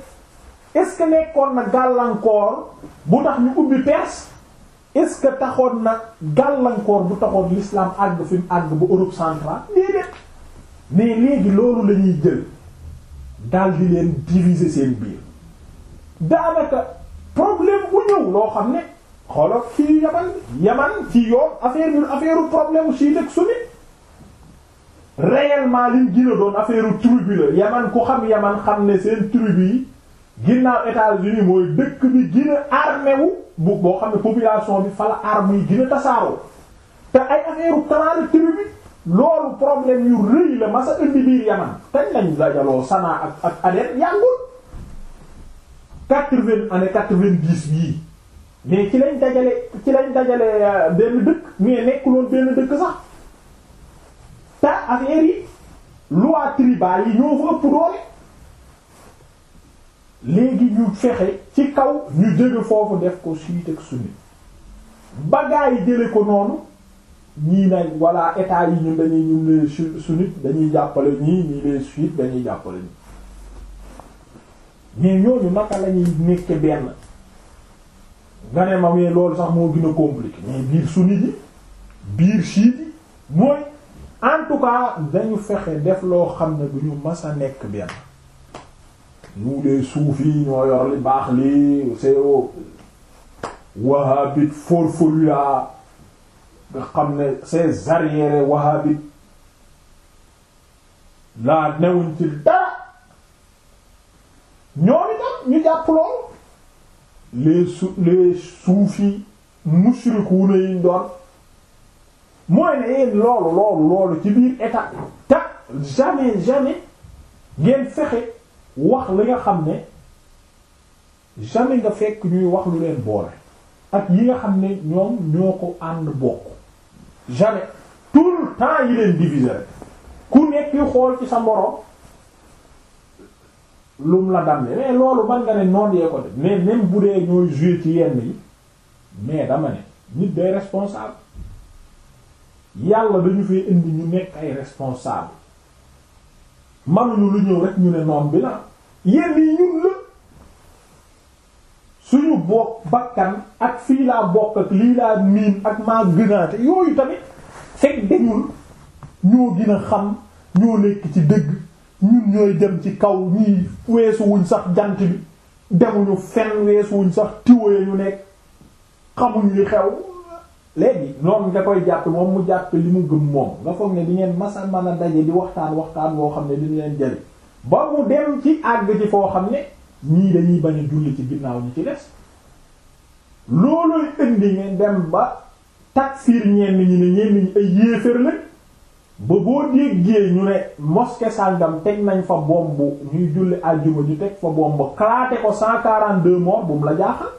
est-ce nekkoon na gàllankoor bu tax ñu ubbi Perse est-ce que taxoon na gàllankoor bu taxoon l'islam àgg fi mu àgg bu Europe centrale déedéet mais léegi loolu la ñuy jël. daal di leen diviser seen biir daanaka problème bu ñëw loo xam ne xoolal fii yaman yaman ci yoon affaire ñun affaire problème chiite ak sunnite réellement liñ gën a doon affaire tribu yaman ku xam yaman xam ne seen tribu yi ginnaaw états mooy dëkk bi gën a bu boo xam ne population bi fa la arme tasaaroo te ay affaire u kanaara loolu problème yu rëy la masa indi biir Yaman kañ lañ dajaloo Sanaa ak ak Aden yàggul quatre-vingt année quatre-vingt-dix bii mais ci lañ dajale ci lañ dajale euh, benn dëkk mais nekkuloon benn dëkk sax te affaire yi loi tribal yi ñoo fa ëpp doole léegi ñu fexe ci kaw ñu jóge foofu def ko chiite ak sunni ba yi jële ko noonu ñii nag voilà état yi ñun dañuy ñun les sunnites dañuy jàppale ñii ñii les chiites dañuy jàppale ñii mais ñooñu naka la ñuy nekke benn nga ne ma mais loolu sax moo gën a compliqué mais biir sunnite yi biir chiite yi mooy en dañu fexe def loo xam ne bu ñu mas a nekk benn ñu les soufis ñoo yor li baax li c'est wahabite forforia nga xam ne ces arriérés wahhabites laa newuñ ci dara ñoom itam ñu jàpp lool les su les suufi mushrikuuna yiñ doon mooy loolu loolu loolu ci biir état te jamais jamais ngeen fexe wax li nga xam ne jamais nga fekk ñuy wax lu leen boole ak yi nga xam ne ñoom ñoo ko ànd bokk jamais tout le temps yi leen diviser ku nekk xool ci sa moroom lum la dam ne mais loolu man nga ne noon yee ko def mais même bu dee ñooy jouer ci yenn yi mais dama ne nit day responsable yàlla dañu fee indi ñu nekk ay responsable manuñu lu ñëw rek ñu ne noon bi la yenn yi ñun la suñu bokk bakkan ak fii laa bokk ak lii laa miin ak maa gënaate yooyu tamit fekk dañul ñoo gën a xam ñoo nekk ci dëgg ñun ñooy dem ci kaw ñii weesu wuñ sax jant bi demuñu fen weesu wuñ sax tiwoye ñu nekk xamuñ li xew léegi noonu nga koy jàpp moom mu jàpp li mu gëm moom nga foog ne di ngeen masa a daje di waxtaan waxtaan boo xam ne dina leen jëriñ ba mu dem ci àgg ci foo xam ne ñii dañuy bañ a julli ci ginnaaw ñi ci des loolooy indi ngeen dem ba takfir ñenn ñi ne ñenn ñi ay yéeféer lañ ba boo déggee ñu ne mosquée sàngam teg nañ fa bomb ñuy julli àjjuma ñu teg fa bomb claté ko 142 morts bu mu la jaaxal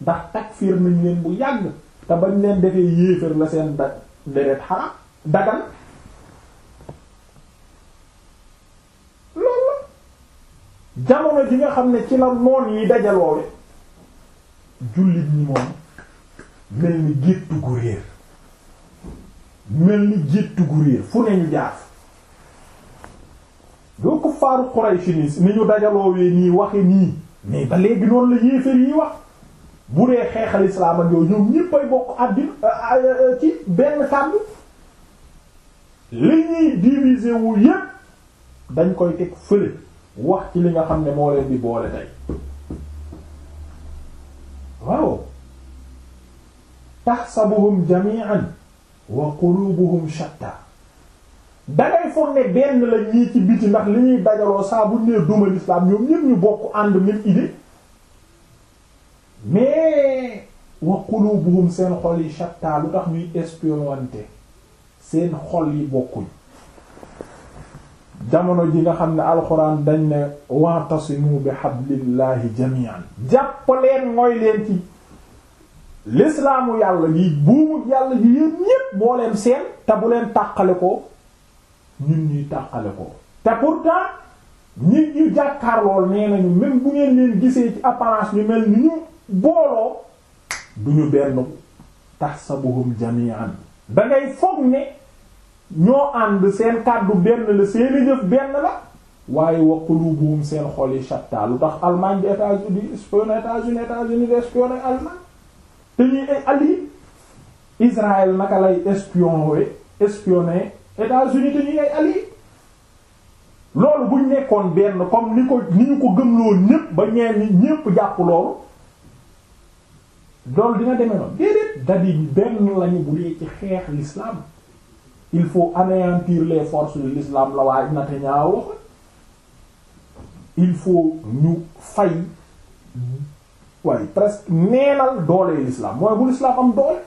ndax takfir nañ leen bu yàgg te bañ leen defee yéeféer la seen da deret xaram dagan jamono ji nga xam ne ci la noon yi dajaloowe jullit ñi moom mel ni géttu gu réer mel ni géttu gu réer fu ne ñu jaar doo ko faaru Quraysh ni ñu dajaloowee nii waxe nii mais ba léegi noonu la yéeféer yi wax bu dee xeexal islaam yooyu ñoom ñéppay bokk àddina ci benn kàddu li ñuy diviser yépp dañ koy teg fële wax ci li nga xam ne moo leen di boole tey waaw taxsabuhum jami'an wa qulubuhum shatta dangay foog benn la ci biti ndax li ñuy dajaloo saabu bu nee duma l'islam ñu bokk ànd même mais wa qulubuhum seen xol yi shatta lu tax ñuy espionwante seen xol yi bokkuñ jamono ji nga xam ne alxuraan dañ ne wa'tasimu bi hablillahi jami'an jàppaleen mooy leen ci lislaamu yàlla yi buumu yàlla yi yéen ñépp boo leen seen te bu leen tàqale ko ñun ñuy tàqale ko te pourtant nit ñu jàkkaarlool nee nañu même bu ngeen leen gisee ci apparence ñu mel ni ñu booloo du ñu benn tahsabuhum jami'an da foog ne ñoo ànd seen kàddu benn la seeni jëf benn la waaye wa qulubuhum seen xol yi shatta lu tax Allemagne di États-Unis espionné États-Unis États-Unis di espionné ay alliés Israël naka lay espionné espionné États-Unis te ñuy ay alliés loolu buñ nekkoon benn comme ni ko ni ñu ko gëmloo ñépp ba ñeen ñépp jàpp loolu loolu dina demee noonu déedéet dadi benn lañu bu dee ci xeex l'islam il faut anéantir les forces de l'islam la waa Netanyahu wax il faut ñu fay waaye presque neenal doole l'islam mooy bu l'islam am doole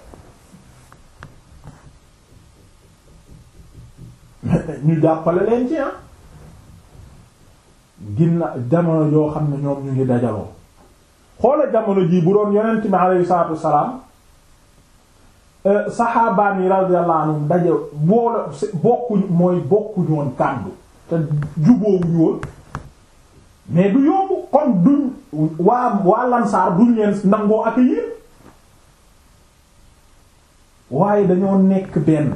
ñu jàppale leen ci ah ginna jamono yoo xam ne ñoom ñu ngi dajaloo xoola jamono jii bu doon yonent mi alayhi salaatu salaam Euh, saxaabaan yi radiyallahu anhum daje boole bokkuñ mooy bokkuñu woon kàddu te jubóowuñu woon mais du yóbbu kon duñ waa waa lansaar duñ leen nangoo ak yéen waaye dañoo nekk benn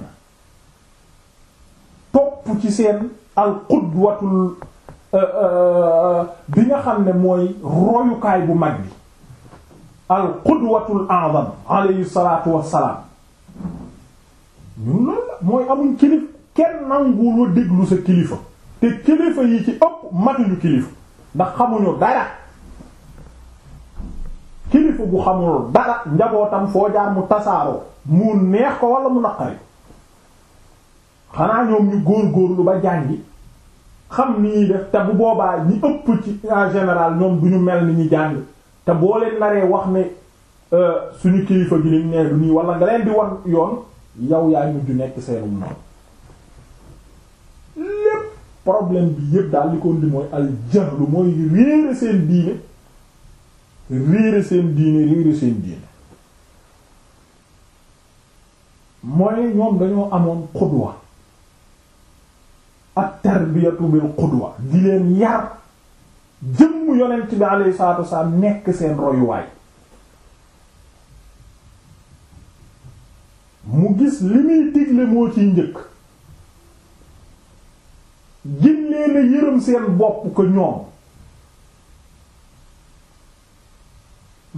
topp ci seen al qudwatul euh, euh, bi nga xam ne mooy royukaay bu mag bi al qudwatul a'zam alayhi salaatu wassalaam ñun loolu mooy amuñ kilif kenn nanguwul déglu sa kilifa te kilifa yi ci ëpp matuñu kilifa ndax xamuñu dara kilifa bu xamul dara njabootam foo jaar mu tasaaroo mu neex ko wala mu naqari xanaa ñoom ñu góor-góorlu ba jàngi xam ni ñuy def te bu boobaa ñi ëpp ci en général ñoom bu ñu mel ni ñu jàng te boo leen naree wax ne euh, suñu kilifa gi liñ nee du nii wala nga leen di wan yoon yow yaay mujj nekk seenum noonu lépp problème bi yépp daal li ko indi mooy al jahlu mooy réere seen diine réere seen diine mooy ñoom dañoo amoon xudwa ak tarbiyatu bil xudwa di leen yar jëmm yonent bi alayhi salaatu wasalaam nekk seen royuwaay mu gis li muy digle moo ciy njëkk gin leena yërëm seen bopp ko ñoom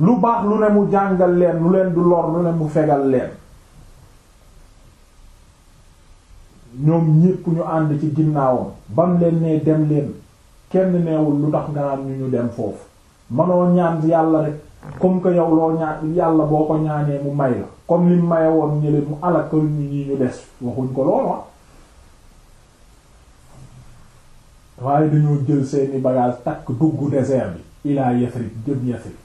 lu baax lu ne mu jàngal leen lu leen du lor lu ne mu fegal leen ñoom ñépp ñu ànd ci ginnaawam bam leen nee dem leen kenn neewul lu tax nga naan ñu ñu dem foofu manoo ñaan yàlla rek comme que yow loo ñaan yàlla boo ko ñaanee mu may la comme lim maye woon ñële mu alakal ñu ñi ñu des waxuñ ko loolu ah waaye dañoo jël seeni bagage takk dugg désert bi ilaa Yasrib jëm Yasrib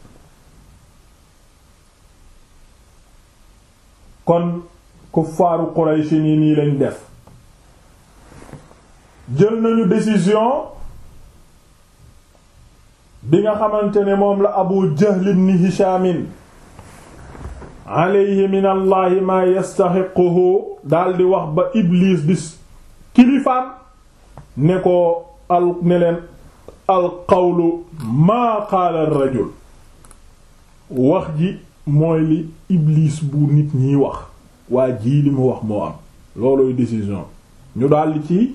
kon kuffaaru Quraysh nii nii lañ def jël nañu décision bi nga xamante ne moom la Abu Jahl ibn Hishamin alayhi min allahi maa yastaxiquhu daldi wax ba iblis bis kilifaam ne ko al ne leen al qawlu maa rajul wax ji mooy li iblis bu nit ñiy wax waa jii li mu wax moo am loolooy décision ñu daldi ci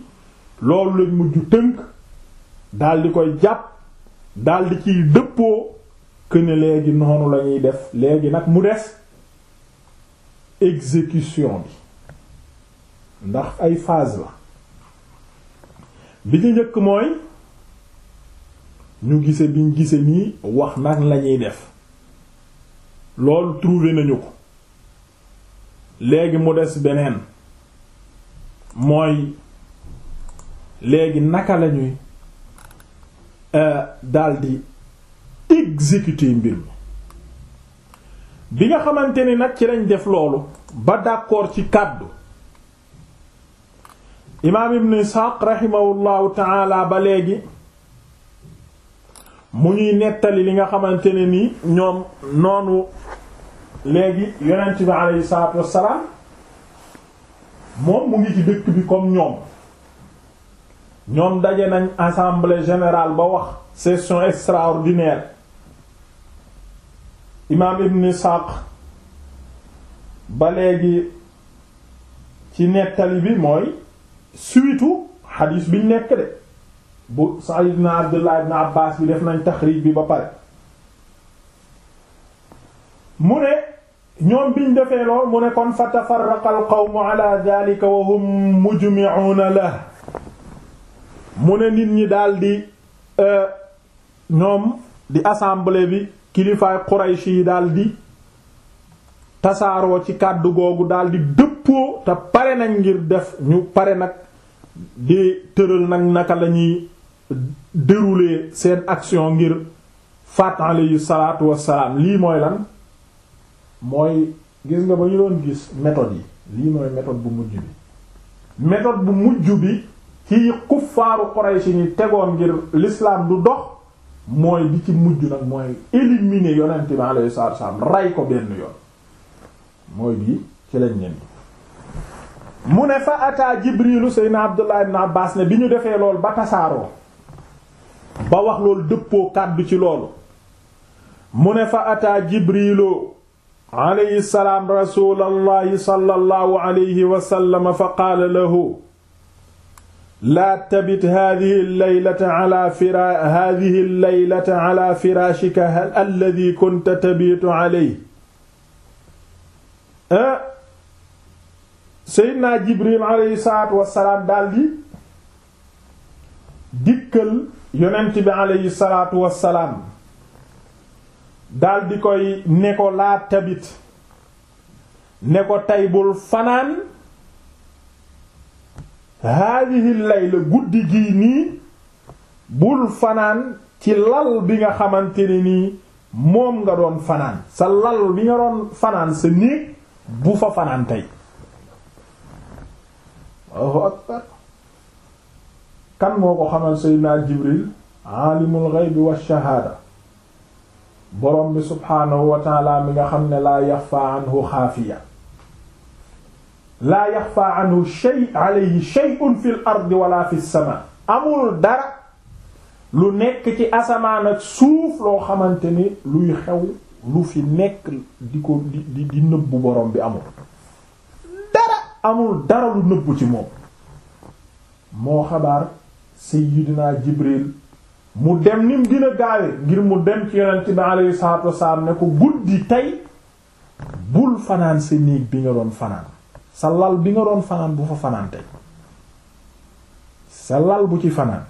loolu lañ mujj tënk daldi koy jàpp daldi ciy dëppoo que ne léegi noonu lañuy def léegi nag mu des exécution bi ndax ay phase la bi ci njëkk mooy ñu gise biñ gise nii wax nag lañuy def loolu trouvé nañu ko léegi mu des beneen mooy léegi naka lañuy euh, daldi exécuter mbir mi bi nga xamante ni nag ci lañ def loolu ba d'accord ci kàddu imaam ibn isxaaq raximahullahu taala ba léegi mu ñuy nettali li nga xamante ne ni ñoom noonu léegi yonent bi aleyhi salaatu wassalaam moom mu ngi ci dëkk bi comme ñoom ñoom daje nañ assemblée général ba wax session extraordinaire imaam ibn isxaaq ba léegi ci nettali bi mooy suitu xadiis biñ nekk de bu sayyidina abdullah ibn abbas bi def nañ taxriij bi ba pare mu ne ñoom biñ defee lool mu ne kon fa tafarraqa al qawmu ala dhalika wa hum mujmi'una la mu ne nit ñi di euh, ñoom di assemblée bi kilifaay Quraysh yi daldi tasaaroo ci kàddu googu daldi dëppoo te pare nag ngir def ñu pare nag di tëral nag naka lañuy dérouler seen action ngir faat alayhi salaatu wassalaam lii mooy lan mooy gis nga ba ñu doon gis méthode yi lii mooy méthode bu mujj bi méthode bu mujj bi ci kuffaaru Quraysh ni tegoon ngir l'islam du dox mooy bi ci mujj nag mooy éliminer yonent bi alayhi salaatu rey ko benn yoon mooy bii ci lañ nen mu ne fa ataa jibrilu seydna abdullah ibn abbas bi ñu defee lool ba tasaaroo ba wax loolu dëppoo kàddu ci loolu mu ne fa ataa jibrilu alayhi salaam rasulallahi sallallahu alayhi wa fa qaala lahu laa tabit haadihi laylata ala fira haadihi laylata ala firaashika alladi kunta tabitu aley eh? jibril aleyhi salaatu wasalaam daldi dikkal yonent bi aleyhi salaatu wasalaam daldi koy ne ko laa tabit ne ko tey bul haadihi layla guddi gii nii bul fanaan ci lal bi nga xamante ni nii moom nga doon fanaan sa lal bi nga doon fanaan sa néeg bu fa fanaan tey kan moo ko xamal naa Jibril aalimul ghaybi wa shahaada borom bi subhaanahu wa taala nga xam ne laa yaxfaa anhu xaafiya laa yaxfaa anhu shay alayhi shay'un fil ardi wala fis sama amul dara lu nekk ci asamaan ak suuf loo xamante ni luy xew lu fi nekk di ko di di nëbbu borom bi amul dara amul dara lu nëbbu ci moom moo xabaar sayyidina Jibril mu dem nim gën a ngir mu dem ci yonent bi alayhi salaatu wasalaam ne ko guddi tey bul fanaan sa néeg bi nga doon fanaan sa lal bi nga doon fanaan bu fa fanaan tey sa lal bu ci fanaan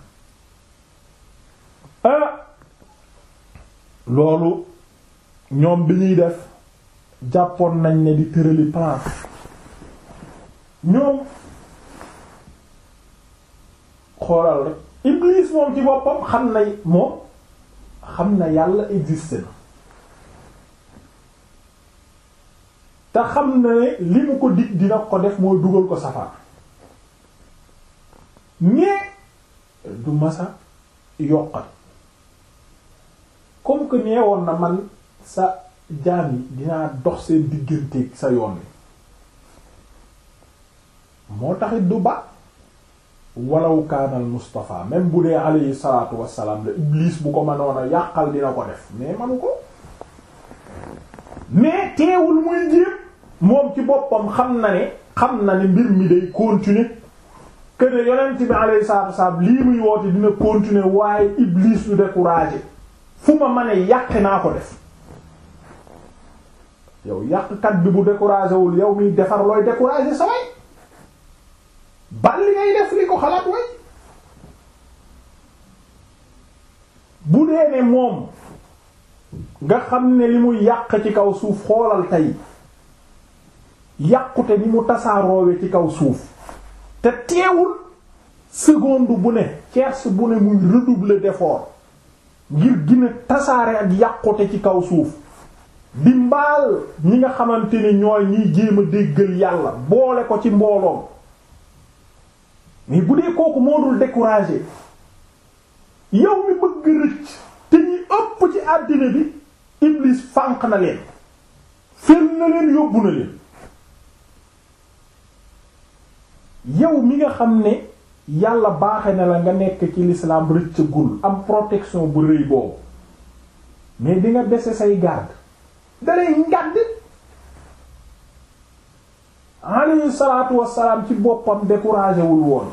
ah! loolu ñoom bi ñuy def jàppoon nañ ne di tërali plan ñoom xoolal rek Iblis moom ci boppam xam na moom xam na yàlla existe na te xam na ne li mu ko dig dina ko def moo dugal ko safar mais du masa yokkat comme que nee woon na man sa jaam yi dinaa dox seen digganteeg sa yoon wi moo taxit du ba walaw kaanal Mustafa même bu dee alayhi salaatu wassalaam la Iblis bu ko mënoon a yàqal dina ko def mais manu ko mais teewul muy jéem moom ci boppam xam na ne xam na ne mbir mi day continuer que ne yonent bi alayhi salaatu wasallam lii muy woote dina continuer waaye Iblis du découragé fu ma ma ne yàq naa ko def yow yàqkat bi bu découragé wul yow miy defar looy découragé sa bal li def li ko xalaat way bu dee ne moom nga xam ne li mu yàq ci kaw suuf xoolal tey yàqute ni mu tasaaroowe ci kaw suuf te teewul seconde bu ne tierce bu ne muy redoubler d'effort ngir gën a tasaare ak yàqute ci kaw suuf di mbaal ñi nga xamante ni ñooy ñiy jéem a déggal yàlla boole ko ci mbooloom mais bu dee kooku moo dul découragé yow mi bëgg rëcc te ñi ëpp ci àddina bi iblis fànq na leen fen na leen yóbbu na leen yow mi nga xam ne yàlla baaxe na la nga nekk ci l'islam rëccëgul am protection bu rëy boobu mais di nga bese say garde dalay ngàdd alayhi salaatu wassalaam ci boppam découragé wul woon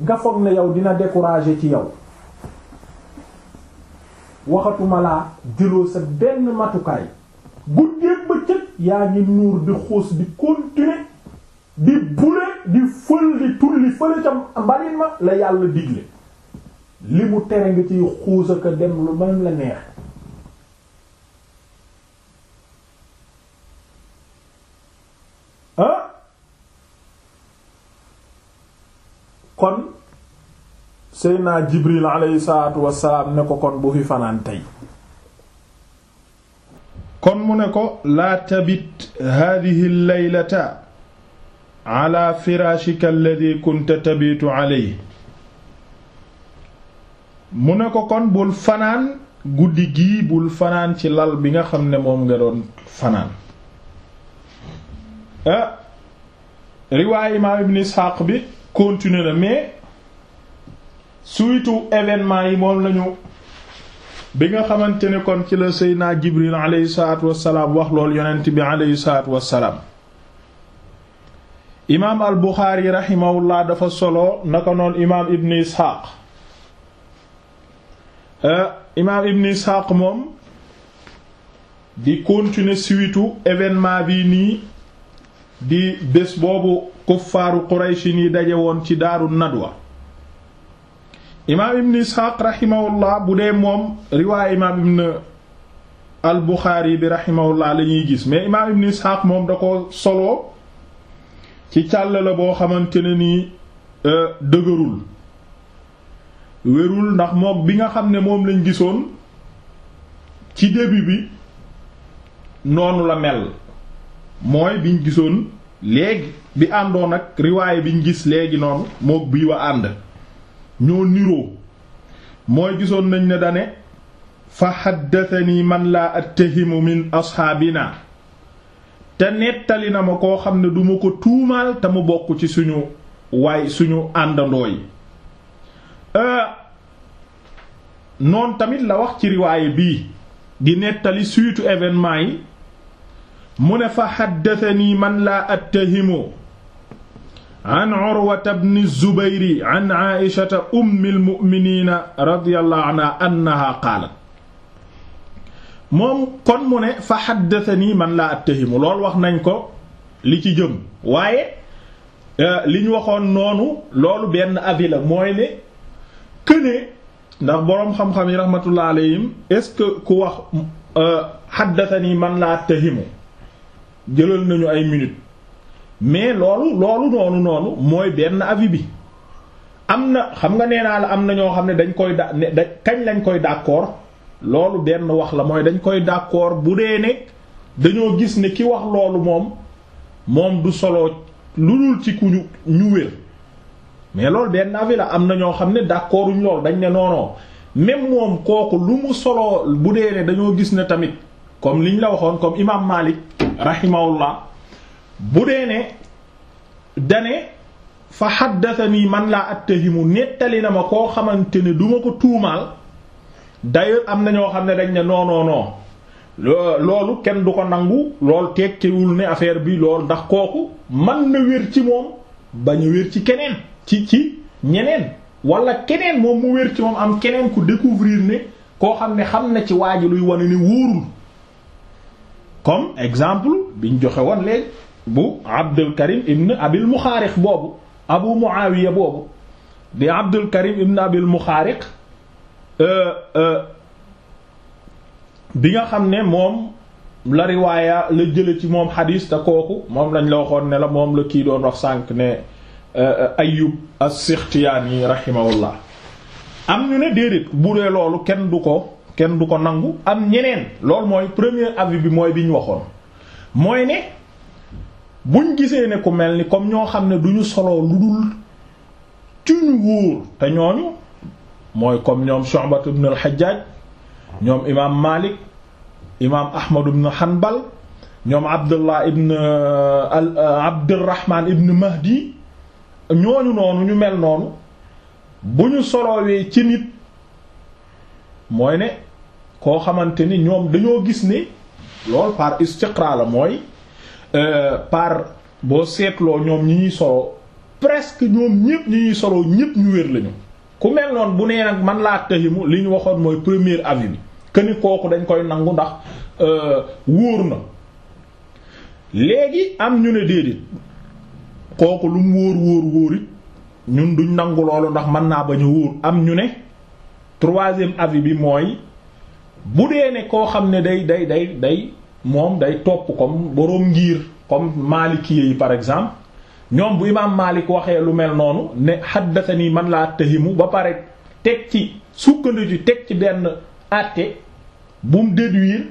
nga foog ne yow dina découragé ci yow waxatuma laa jëloo sa benn matukaay guddeeg bëccëg yaa ngi nuur di xuus di continuer di bule di fël di tulli fële ca mbalit ma la yàlla digle li mu tere nga ciy xuus ak dem lu man la neex ah kon Seydina Jibril alayhi salaatu wassalaam ne ko kon bu fi fanaan tey kon mu ne ko laa tabit haadihi laylata ala firaashika alladi kunta tabitu alayhi mu ne ko kon bul fanaan guddi gii bul fanaan ci lal bi nga xam ne moom nga doon fanaan ah, riwaay imaam ibn Isxaaq bi continuer na surtout événement yi moom lañu bi nga xamante ni kon ci la Seydina Jibril aleyhi salaatu wassalaam wax lool yonent bi aleyhi salaatu wassalaam imaam al Buxaari dafa solo naka noon imaam Ibn Isxaaq euh, imaam Ibn moom di continuer suitu événement bi nii di bés boobu kuffaaru Quraysh nii daje woon ci daaru wa imaam ibn isxaaq raximahullah bu dee moom riwaay imaam ibn al buxaari bi raximahullah la ñuy gis mais imaam ibn isxaaq moom da ko soloo ci càll la boo xamante ne nii euh, dëgërul wérul ndax moom bi nga xam ne moom lañ gisoon ci début bi noonu la mel mooy biñ gisoon léegi bi àndoon ak riwaay biñ gis léegi noonu mook bii wa ànd ñoo niroo mooy gisoon nañ ne dane fa xaddatani man laa attahimu min asxaabina te nettali na ma koo xam ne duma ko tuumaal te mu bokk ci suñu waay suñu àndandoo yi euh, noon tamit la wax ci riwaaye bii di nettali suitu événement yi mu ne fa xaddatani man laa attahimu an urwata bni zubayri an aishata ummi almuminina radiyallahu anha annaha qaalat moom kon mu ne fa xaddatanii man laa attahimu lool wax nañ ko li ci jëm waaye euh, li ñu waxoon noonu loolu benn avis la mooy ne këne ndax boroom xam-xam yi rahmatullah alayhim est-ce que ku wax xaddatanii euh, man laa attahimu jëlal nañu ay minutes mais loolu loolu noonu noonu mooy benn avis bi am na xam nga nee naa la am na ñoo xam ne dañ koy da da kañ lañ koy d'accord loolu benn wax la mooy dañ koy d'accord bu dee ne dañoo gis ne ki wax loolu moom moom du solo lu dul ci ku ñu wér mais loolu benn avis la am na ñoo xam ne d'accorduñ loolu dañ ne noonoo même moom kooku lu mu soloo bu dee ne dañoo gis ne tamit comme liñ la waxoon comme imam Malik rahimahullah bu dee ne dane fa xaddatani man laa attahimu nettali na ma koo xamante ne duma ko tuumaal d'ailleurs am na ñoo xam ne rek ne non loolu kenn du ko nangu lool tekkiwul ne affaire bi lool ndax kooku man na wér ci moom bañ a wér ci keneen ci ci ñeneen wala keneen moom mu wér ci moom am keneen ku découvrir ne koo xam ne xam na ci waa ji luy wane ni wóorul comme exemple biñ joxe woon léegi bu Abdul Karim ibn Abil Muxaariq boobu Abu Muawiya boobu di Abdul Karim ibn Abil Muxaariq euh, euh, bi nga xam ne moom la riwaaya la jële ci moom xadiis te kooku moom lañ la waxoon ne la moom la kii doon wax sànq ne euh, Ayyub as-Sikhtiyani rahimahullah am ñu ne déedéet bu dee loolu kenn du ko kenn du ko nangu am ñeneen loolu mooy premier avis bi mooy bi ñu waxoon mooy ne buñ gisee ne ku mel ni comme ñoo xam ne duñu solo lu dul cuñ wóor te ñooñu mooy comme ñoom Shu'bat ibn al-Hajjaj ñoom imaam Malik imaam Ahmad ibn Hanbal ñoom Abdullah ibn euh, euh, Abdurrahman ibn Mahdi ñooñu noonu ñu mel noonu bu ñu solowee ci nit mooy ne koo xamante ni ñoom dañoo gis ni loolu par istiqra la mooy Euh, par boo seetloo ñoom ñi ñuy solo presque ñoom ñépp ñu ñuy solo ñépp ñu wér lañu ku mel noonu bu nee nag man laa tëximu li ñu waxoon mooy premier avis bi que ni kooku dañ koy nangu ndax euh, wóor na léegi am ñu ne déedéet kooku lu mu wóor wóor wóorit ñun duñ nangu loolu ndax mën naa ba a wóor am ñu ne troisième avi bi mooy bu dee ne koo xam ne day day day day moom day topp comme boroom ngiir comme Maliki yi par exemple ñoom bu imaam Malik waxee lu mel noonu ne haddathani man laa tahimu ba pare teg ci sukkandu teg ci benn àtte bu mu déduire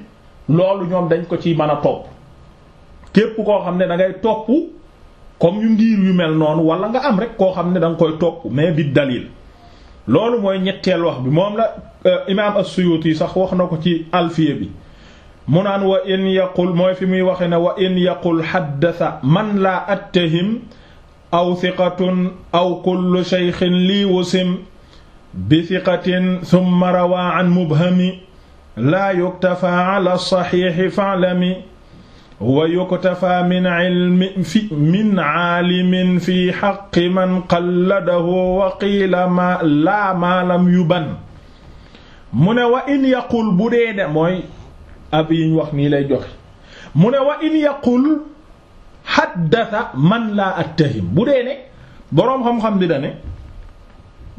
loolu ñoom dañ ko ci mën a topp képp koo xam ne da ngay topp comme yu ngir yu mel noonu walla nga am rek koo xam ne danga nga koy topp mais bi dalil loolu mooy ñetteel wax bi moom la euh, imaam as-Suyuti sax wax na ko ci Alfiya bi mu naan wa in yaqul mooy fi muy waxe ne wa in yaqul xaddasa man laa attahim aw thiqatun aw kullu shaykhin lii wusim bi thiqatin thumma rawaa an mubhami laa yuktafaa ala saxiixi fa'lami wa yuktafaa min ilmi fi min aalimin fi xaqqi man qalladahu wa qiila ma laa maalam yuban mu ne wa in yaqul bu dee de mooy ab yiñ wax mii lay joxe mu ne wa in yaqul xaddasa man laa attahim bu dee ne boroom xam-xam bi da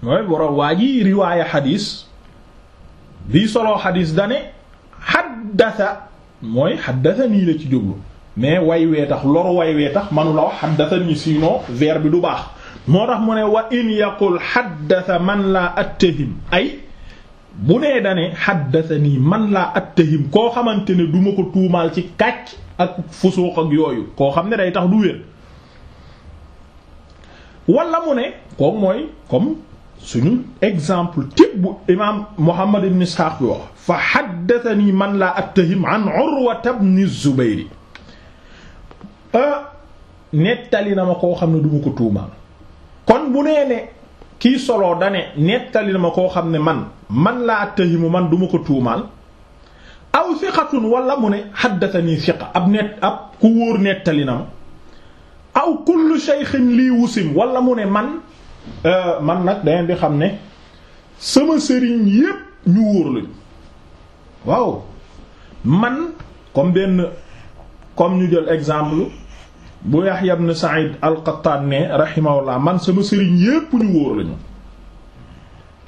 mooy boroom waa ji riwaaya xadiis bii soloo xadiis da ne mooy xaddasa nii la ci jublu mais way wee tax loru way wee tax manu la wax xaddasa nii sinon verbe bi du baax moo tax mu ne wa in yaqul xaddasa man laa attahim ay bu nee dane xaddatani man laa attahim koo xamante ne duma ko tuumaal ci kàcc ak fusuuq ak yooyu koo xam ne day tax du wér wala mu ne kooku mooy comme suñu exemple type bu imaam Muhammad ibn Ishaq bi wax fa xaddatani man laa attahim an Urwa ibn Zubayr ah, nettali na ma koo xam ne duma ko tuumaal kon bu nee ne kii soloo dane nettali na ma koo xam ne man man laa attahimu man duma ko tuumaal aw siqatun wala mu ne xaddatani siqa ab net ab ku wóor nettali aw kullu shaykhin lii wusim walla mu ne man euh, man nag dangeen di xam ne sama sëriñ yépp ñu wóor waaw man comme benn comme ñu jël exemple bu Yahya ibn Sa'id al-Qattan ne rahimahullah man sama sëriñ yépp ñu wóor lañu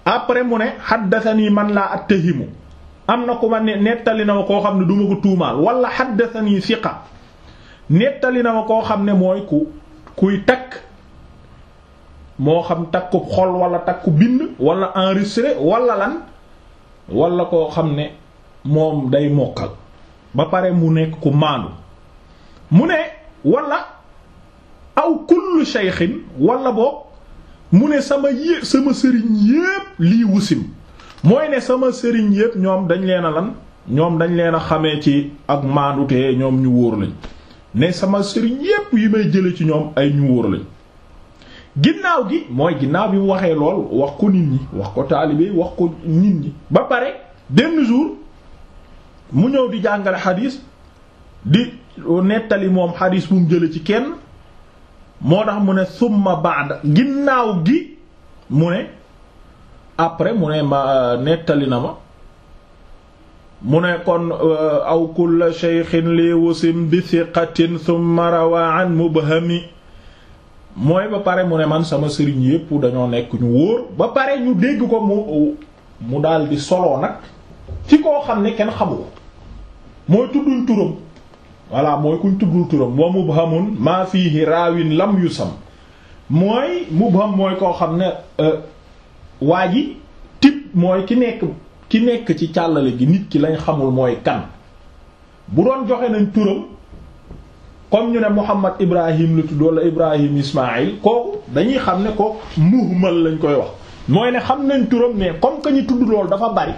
après mu ne xaddathani man laa attahimu am na ku ma ne nettali na ma koo xam ne duma ko tuumaal wala xaddathani siqa nettali na ma koo xam ne mooy ku kuy takk moo xam takku xol wala takku bind wala enregistré wala lan wala koo xam ne moom day mokkal ba pare mu nekk ku maandu mu ne wala aw kullu shaykhin wala boog mu ne sama sama sëriñ yépp lii wusim mooy ne sama sëriñ yépp ñoom dañ leen a lan ñoom dañ leen a xamee ci ak maandutee ñoom ñu wóor lañ ne sama sëriñ yépp yi may jële ci ñoom ay ñu wóor lañ ginnaaw gi mooy ginnaaw bi mu waxee lool wax ko nit ñi wax ko taalibe wax ko nit ñi ba pare benn jour mu ñëw di jàngale xadiis di nettali moom xadis bu mu jële ci kenn moo tax mu ne summa baada ginnaaw gi mu ne après mu ne euh, nettali na ma mu ne kon euh, aw kulla shaykhin li wasim bi thiqatin thumma rawa an mooy ba pare mu ne man sama sëriñ yépp dañoo nekk ñu wóor ba pare ñu dégg ko mu mu daal soloo nag ci koo xam ne kenn xamul mooy tudduñ turam voilà mooy kuñ tuddul turam wa mubhamun maa fiihi raawin lam yu yusam mooy mubham mooy koo xam ne euh, waa ji type mooy ki nekk ki nekk ci càllale gi nit ki lañ xamul mooy kan bu doon joxe nañ turam comme ñu ne Muhammad Ibrahim la tudd wala Ibrahim Ismaïl kooku dañuy xam ne ko muhmal lañ koy wax mooy ne xam nañ turam mais comme que ñu tudd loolu dafa bari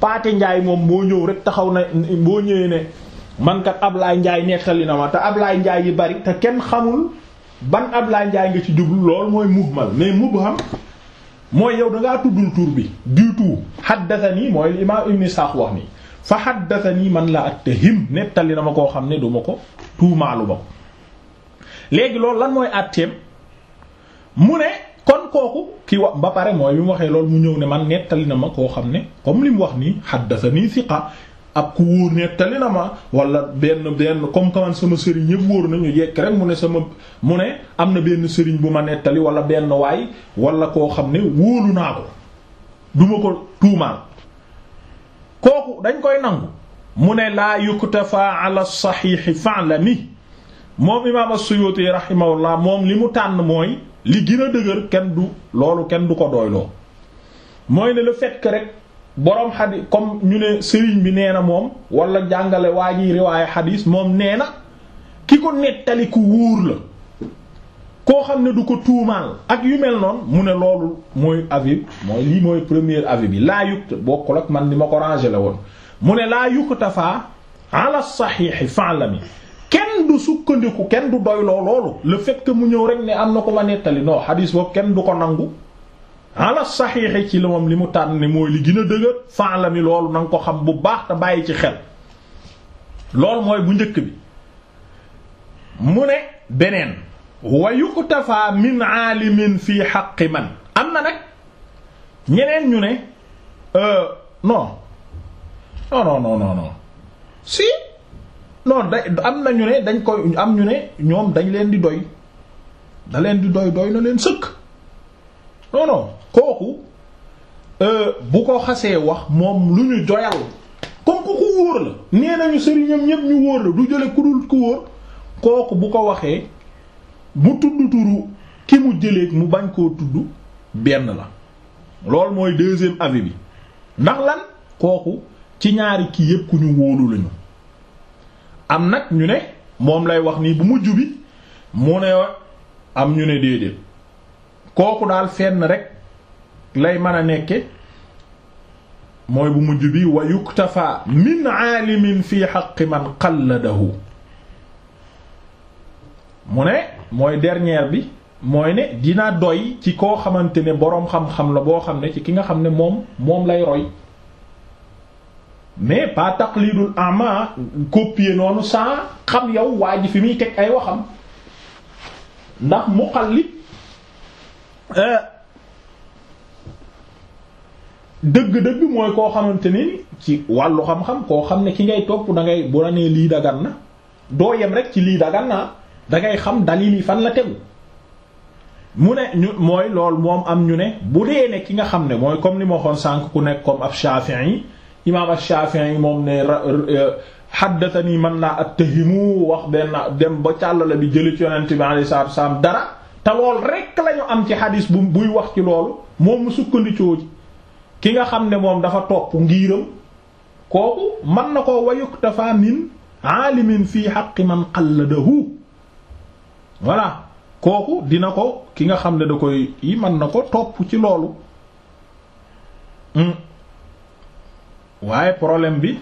Paate Njaay moom moo ñëw rek taxaw na boo ñëwee ne man kat laay Ndiaye nettali na ma te Ablaye Ndiaye yi bari te kenn xamul ban ab Ablaye njaay nga ci jublu lool mooy muhmal mais mubham mooy yow da ngaa tuddul tur bi du tout haddathani mooy li imaam ibn Sa'd wax ni fa haddathani man la attahim nettali na ma koo xam ne du ma ko tuumaalu ma ko léegi loolu lan mooy àtteem mu ne kon kooku ki wax ba pare mooy bi mu waxee loolu mu ñëw ne man nettali na ma koo xam ne comme li mu wax nii haddathani thiqa ab ku wóor nettali na ma walla benn benn comme que man sama sëriñ yëpp wóor nañu yekk rek mu ne sama mu ne am na benn sëriñ bu ma nettali wala benn waay walla koo xam ne wóolu naa ko duma ko tuumaal kooku dañ koy nangu mu ne laa yuktafa ala saxiixi ni moom imaam as-Suyuti rahimahullah moom li mu tànn mooy li gën a dëgër kenn du loolu kenn du ko doyloo mooy ne le fait que boroom xadis comme ñu ne sëriñ bi nee na moom wala jàngale waa ji riwaaye xadis moom nee na ki ko nettali ku wóor la koo xam ne du ko tuumaal ak yu mel noonu mu ne loolu mooy avis mooy lii mooy premier avis bi laa yukta bokkul ak man ni ma ko rangé la woon mu ne laa yuktafaa ala saxiixi fa'lami kenn du sukkandiku kenn du doyloo loolu la fekk mu ñëw rek ne am na ko ma nettali noo xadis boobu kenn du ko nangu ala saxiixi ci li li mu tànn ne mooy li gën a dëgër la mi loolu na nga ko xam bu baax te bàyyi ci xel loolu mooy bu njëkk bi mu ne beneen wa yuktafa min aalimin fii xaqi man am na nag ñeneen ñu ne euh, non non non non si non da am na ñu ne dañ koy am ñu ne ñoom dañ leen di doy da leen di doy doy na leen sëkk non non kooku euh, bu ko xasee wax moom lu ñu joyal comme ku ko wóor la nee nañu sëriñam ñëpp ñu wóor la du jële ku dul ku wóor kooku bu ko waxee mu tudd turu ki mu jëleeg mu bañ koo tudd benn la loolu mooy deuxième avi bi ndax lan kooku ci ñaari kii yëpp ku ñu wóolu lañu am nag ñu ne moom lay wax nii bu mujj bi mu ne am ñu ne déedéet kooku daal fenn rek lay mën a nekke mooy bu mujj bi wa yuktafa min aalimin fi haqqi man qalladahu mu ne mooy dernière bi mooy ne dina doy ci koo xamante ne boroom xam-xam la boo xam ne ci ki nga xam ne moom moom lay roy mais pas taqlidul ama copier noonu sans xam yow waa ji fi muy teg ay waxam ndax muqallid Euh, dëgg-dëgg mooy koo xamante ni ci wàllu xam-xam koo xam ne ki ngay topp da ngay bu la nee lii dagan na doo yem rek ci lii dagan na da ngay xam dalil yi fan la tegu mu ne ñu mooy lool moom am ñu ne bu dee ne ki nga xam ne mooy comme ni ma waxoon sànq ku nekk comme ab Shafi'i imaam ash-Shafi'i moom ne euh, haddathani man la attahimu wax benn dem ba càll la bi jëli ci yonent bi alayhi salaatu wa dara. te lool rek la am ci xadis bu buy wax ci loolu moom mu sukkandikoo ci ki nga xam ne moom dafa topp ngiiram kooku mën na ko koo wayuktafa min aalimin fii haqqi man qalladahu voilà kooku dina ko ki nga xam ne da koy yi mën na ko topp ci loolu hmm. waaye problème bi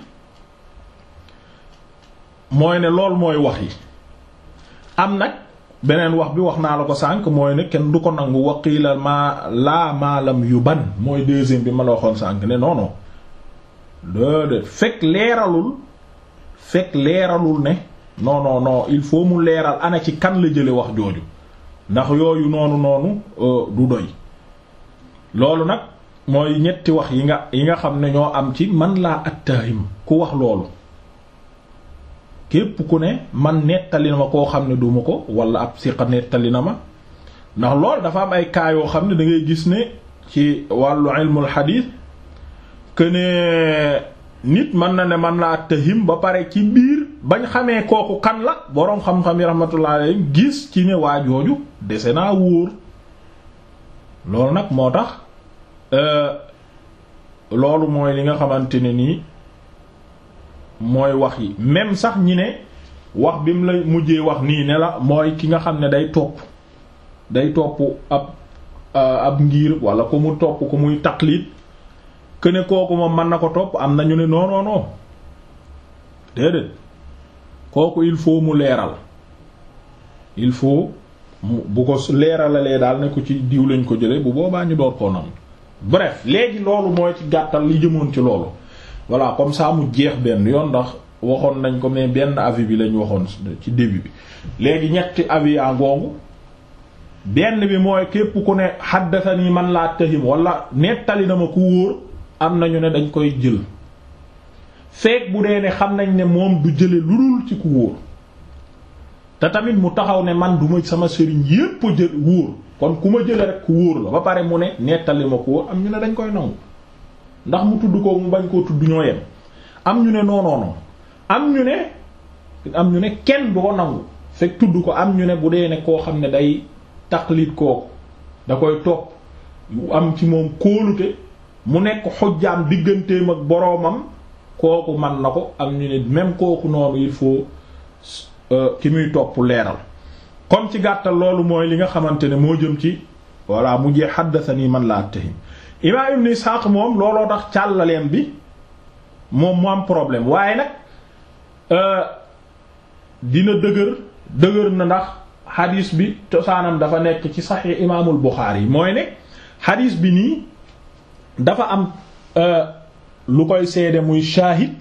mooy ne lool mooy wax yi am nag beneen wax bi wax naa la ko sànq mooy ne kenn du ko nangu waqiila maa laa maalam yu ban mooy deuxième bi ma la waxoon sànq ne non non déedéet fekk leeralul fekk leeralul ne non non il faut mu leeral ana ci kan la jële wax jooju ndax yooyu noonu noonu euh, du doy loolu nag mooy ñetti wax yi nga yi nga xam ne ñoo am ci man laa attahim ku wax loolu képp ku ne man nettali na ma koo xam ne duma ko walla ab siqa nettali na ma ndax lool dafa am ay cas yoo xam ne dangay gis ne ci wàllu ilmul xadiis que ne nit mën na ne mën naa tahim ba pare ci biir bañ xamee kooku kan la boroom xam-xam yi rahmatullah alayhi gis ci ne waa jooju dese naa wóor loolu nag moo tax euh, loolu mooy li nga xamante ne nii mooy wax yi même sax ñi ne wax bi mu la mujjee wax nii ne la mooy ki nga xam ne day topp day topp ab euh, ab ngir wala ku mu topp ko muy taqlid que ne kooku moom mën na ko topp am na ñu ne noonoonoo non kooku il faut mu leeral il faut mu bu ko leeralalee daal ne ko ci diw lañ ko jëlee bu boobaa ñu door koo nangu bref léegi loolu mooy ci gàttal li jëmoon ci loolu. voilà comme saa mu jeex benn yoon ndax waxoon nañ ko mais benn avis bi lañu waxoon ci début bi léegi ñetti avis yaa benn bi mooy képp ku ne xaddatani man laa tahim wala nettali na ma ku wóor am nañu ne dañ koy jël feek bu dee ne xam nañ ne moom du jële lu dul ci ku wóor te tamit mu taxaw ne man du ma sama sëriñ yépp jël wóor kon ku ma jële rek ku wóor la ba pare mu ne nettali ma ku wóor am ñu ne dañ koy nangu ndax mu tudd ko mu bañ koo tudd ñoo yem am ñu ne non am ñu ne am ñu ne kenn du ko nangu fekk tudd ko am ñu ne bu dee ne koo xam ne day taqlid kooku da koy topp am ci moom kóolute mu nekk xojjaam digganteem ak boroomam kooku man na ko am même kooku noonu il faut euh, ki muy topp leeral kon ci gàttal loolu mooy li nga xamante ne moo jëm ci voilà mu jee xaddasani man la attahim imaam ibn Ishaq moom looloo tax càllaleem bi moom mu am problème waaye nag euh, dina dëgër dëgër na ndax xadiis bi cosaanam dafa nekk ci saxiix imaamul Buxaari yi mooy ne xadiis bi nii dafa am euh, lu koy seede muy shaahid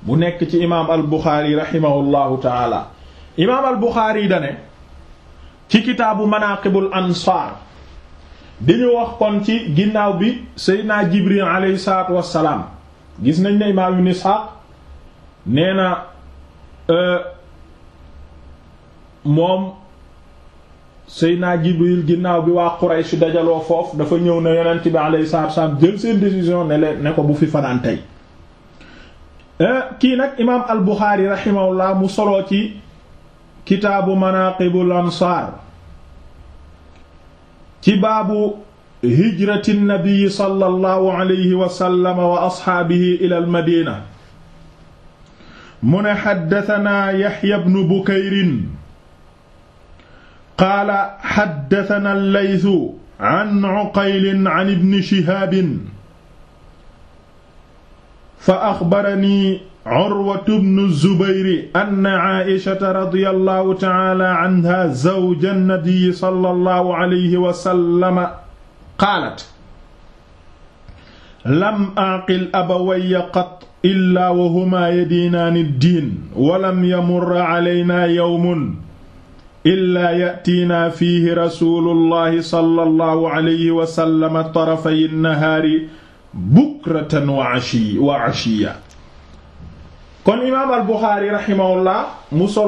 bu nekk ci imaam al Buxaari rahimahullahu taala imaam al Buxaari dane ci kitaabu manaaqibul ansaar di ñu wax kon ci ginnaaw bi seydinaa jibril alayhi salaatu wassalaam gis nañ ne imaam ibn Isxaaq nee na euh, moom seydinaa jibril ginnaaw bi waa si dajaloo foofu dafa ñëw ne yonent bi alayhi salaatu wassalaam jël seen décision ne leen ne ko bu fi fanaan tey euh, kii nag imaam al Buxaari rahimahullah mu soloo ci kitaabu manaqibul ansaar ci baabu hijrati nabii sallallahu alayhi wa sallam wa asxaabihi ilal madina mu ne xaddatanaa yaxya bnu bukayrin qaala xaddatanaa allaysu an uqaylin an ibni shihaabin fa axbarani Urwatu bnu Zubayri anna Aayisata radiyallahu ta'ala anha zawja nabiyyi sallallahu alayhi wa sallam qaalat lam aqil abawayya qat illaa wa humaa yadiinaani diin wa lam yamur alaynaa yawmun illaa ya'tiinaa fiihi rasuulullahi sallallahu alayhi wa sallam tarafay nahaari bukratan wa ashiya kon imaam al Buxaari rahimahullah mu sol